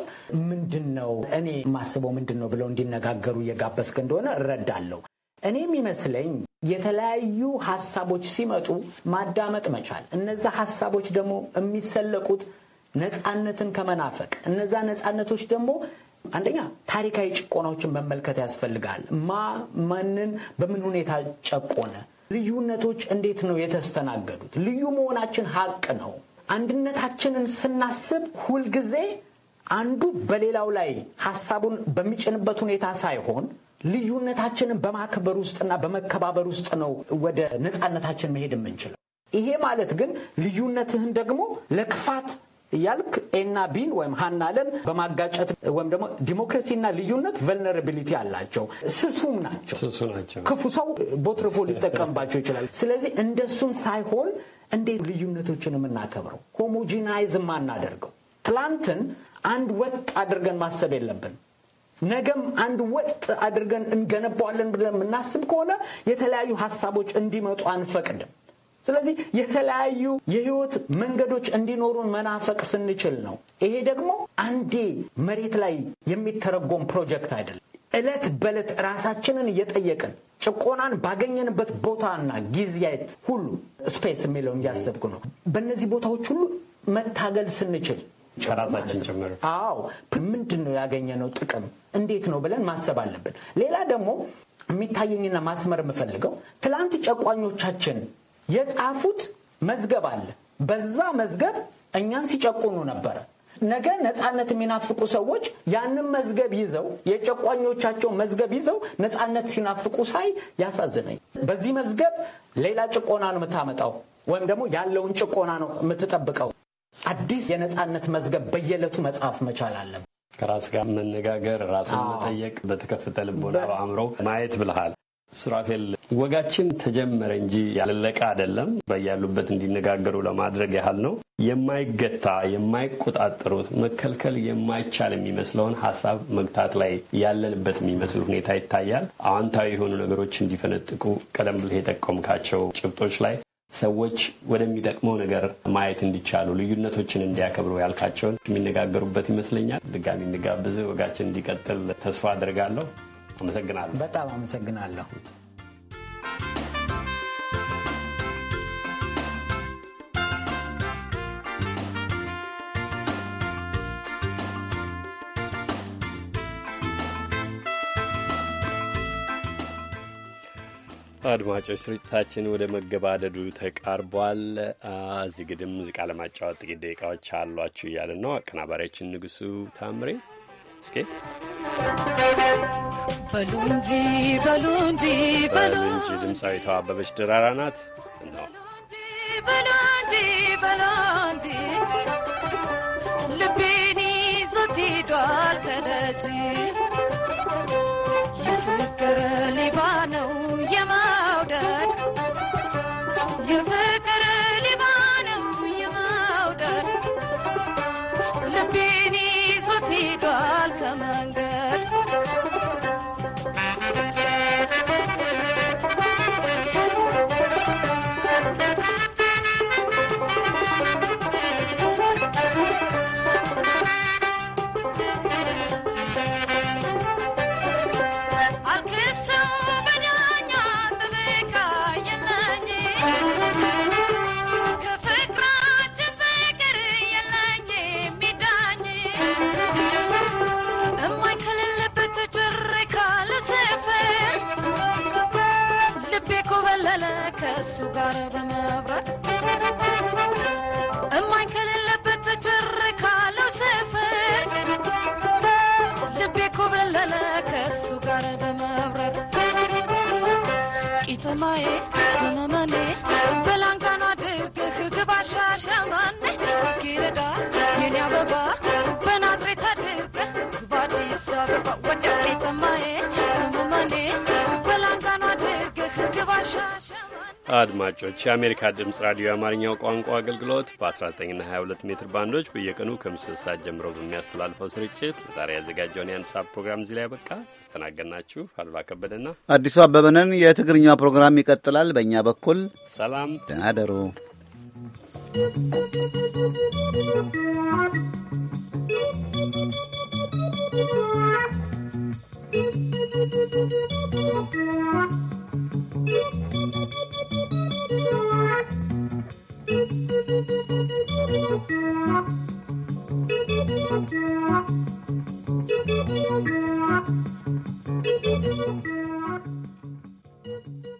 ምንድን ነው እኔ የማስበው ምንድን ነው ብለው እንዲነጋገሩ እየጋበስክ እንደሆነ እረዳለሁ። እኔ የሚመስለኝ የተለያዩ ሀሳቦች ሲመጡ ማዳመጥ መቻል፣ እነዛ ሀሳቦች ደግሞ የሚሰለቁት ነፃነትን ከመናፈቅ፣ እነዛ ነፃነቶች ደግሞ አንደኛ ታሪካዊ ጭቆናዎችን መመልከት ያስፈልጋል። ማ ማንን በምን ሁኔታ ጨቆነ? ልዩነቶች እንዴት ነው የተስተናገዱት? ልዩ መሆናችን ሀቅ ነው። አንድነታችንን ስናስብ ሁልጊዜ አንዱ በሌላው ላይ ሀሳቡን በሚጭንበት ሁኔታ ሳይሆን ልዩነታችንን በማክበር ውስጥና በመከባበር ውስጥ ነው ወደ ነፃነታችን መሄድ የምንችለው። ይሄ ማለት ግን ልዩነትህን ደግሞ ለክፋት ያልክ ኤና ቢን ወይም ሀና በማጋጨት ወይም ደግሞ ዲሞክራሲና ልዩነት ቨልነራቢሊቲ አላቸው። ስሱም ናቸው፣ ክፉ ሰው ቦትርፎ ሊጠቀምባቸው ይችላል። ስለዚህ እንደሱም ሳይሆን እንዴት ልዩነቶችን የምናከብረው ሆሞጂናይዝ ማናደርገው ትላንትን አንድ ወጥ አድርገን ማሰብ የለብን። ነገም አንድ ወጥ አድርገን እንገነባዋለን ብለን የምናስብ ከሆነ የተለያዩ ሀሳቦች እንዲመጡ አንፈቅድም። ስለዚህ የተለያዩ የህይወት መንገዶች እንዲኖሩን መናፈቅ ስንችል ነው። ይሄ ደግሞ አንዴ መሬት ላይ የሚተረጎም ፕሮጀክት አይደለም። እለት በእለት ራሳችንን እየጠየቅን ጭቆናን ባገኘንበት ቦታና ጊዜያት ሁሉ ስፔስ የሚለው እያሰብኩ ነው። በእነዚህ ቦታዎች ሁሉ መታገል ስንችል ከራሳችን ጭምር አዎ ምንድን ነው ያገኘነው ጥቅም እንዴት ነው ብለን ማሰብ አለብን። ሌላ ደግሞ የሚታየኝና ማስመር የምፈልገው ትላንት ጨቋኞቻችን የጻፉት መዝገብ አለ። በዛ መዝገብ እኛን ሲጨቁኑ ነበረ። ነገ ነፃነት የሚናፍቁ ሰዎች ያንን መዝገብ ይዘው የጨቋኞቻቸውን መዝገብ ይዘው ነፃነት ሲናፍቁ ሳይ ያሳዝነኝ። በዚህ መዝገብ ሌላ ጭቆና ነው የምታመጣው፣ ወይም ደግሞ ያለውን ጭቆና ነው የምትጠብቀው። አዲስ የነፃነት መዝገብ በየዕለቱ መጽሐፍ መቻል አለብን። ከራስ ጋር መነጋገር፣ ራስን መጠየቅ፣ በተከፈተ ልቦና በአእምሮ ማየት ብልሃል። ሱራፌል ወጋችን ተጀመረ እንጂ ያለለቀ አይደለም። በያሉበት እንዲነጋገሩ ለማድረግ ያህል ነው። የማይገታ የማይቆጣጠሩት መከልከል የማይቻል የሚመስለውን ሀሳብ መግታት ላይ ያለንበት የሚመስል ሁኔታ ይታያል። አዎንታዊ የሆኑ ነገሮች እንዲፈነጥቁ ቀደም ብለህ የጠቆምካቸው ጭብጦች ላይ ሰዎች ወደሚጠቅመው ነገር ማየት እንዲቻሉ ልዩነቶችን እንዲያከብሩ ያልካቸውን የሚነጋገሩበት ይመስለኛል። ድጋሚ እንጋብዝ። ወጋችን እንዲቀጥል ተስፋ አድርጋለሁ። አመሰግናለሁ። በጣም አመሰግናለሁ። አድማጮች ስርጭታችን ወደ መገባደዱ ተቃርቧል። እዚህ ግድም ሙዚቃ ለማጫወት ጥቂት ደቂቃዎች አሏችሁ እያለ ነው አቀናባሪያችን ንጉሱ ታምሬ። እስኪ በሉ እንጂ በሉ እንጂ በሉ እንጂ ደራራ ናት ነው ልቤን ይዞት ሄዷል። ከደጅ ሌባ ነው የፍቅር ሊባነው የማውደር ልቤን ይዞት ሄዷል ከመንገድ ከተማዬ ስነመኔ በላንጋኗ ድግህ ግባሻ ሻማኔ ዝጌረዳ የኔ አበባ በናዝሬት አድርገህ ግባ አበባ ወደ ከተማዬ ስነመኔ በላንጋኗ ድግህ ግባሻ አድማጮች የአሜሪካ ድምፅ ራዲዮ የአማርኛው ቋንቋ አገልግሎት በ19ና 22 ሜትር ባንዶች በየቀኑ ከምሽቱ ሰዓት ጀምሮ በሚያስተላልፈው ስርጭት ዛሬ ያዘጋጀውን የአንድ ሰዓት ፕሮግራም እዚህ ላይ ያበቃ። ያስተናገድናችሁ አሉላ ከበደና አዲሱ አበበንን። የትግርኛ ፕሮግራም ይቀጥላል። በእኛ በኩል ሰላም ደህና ደሩ። Thank you.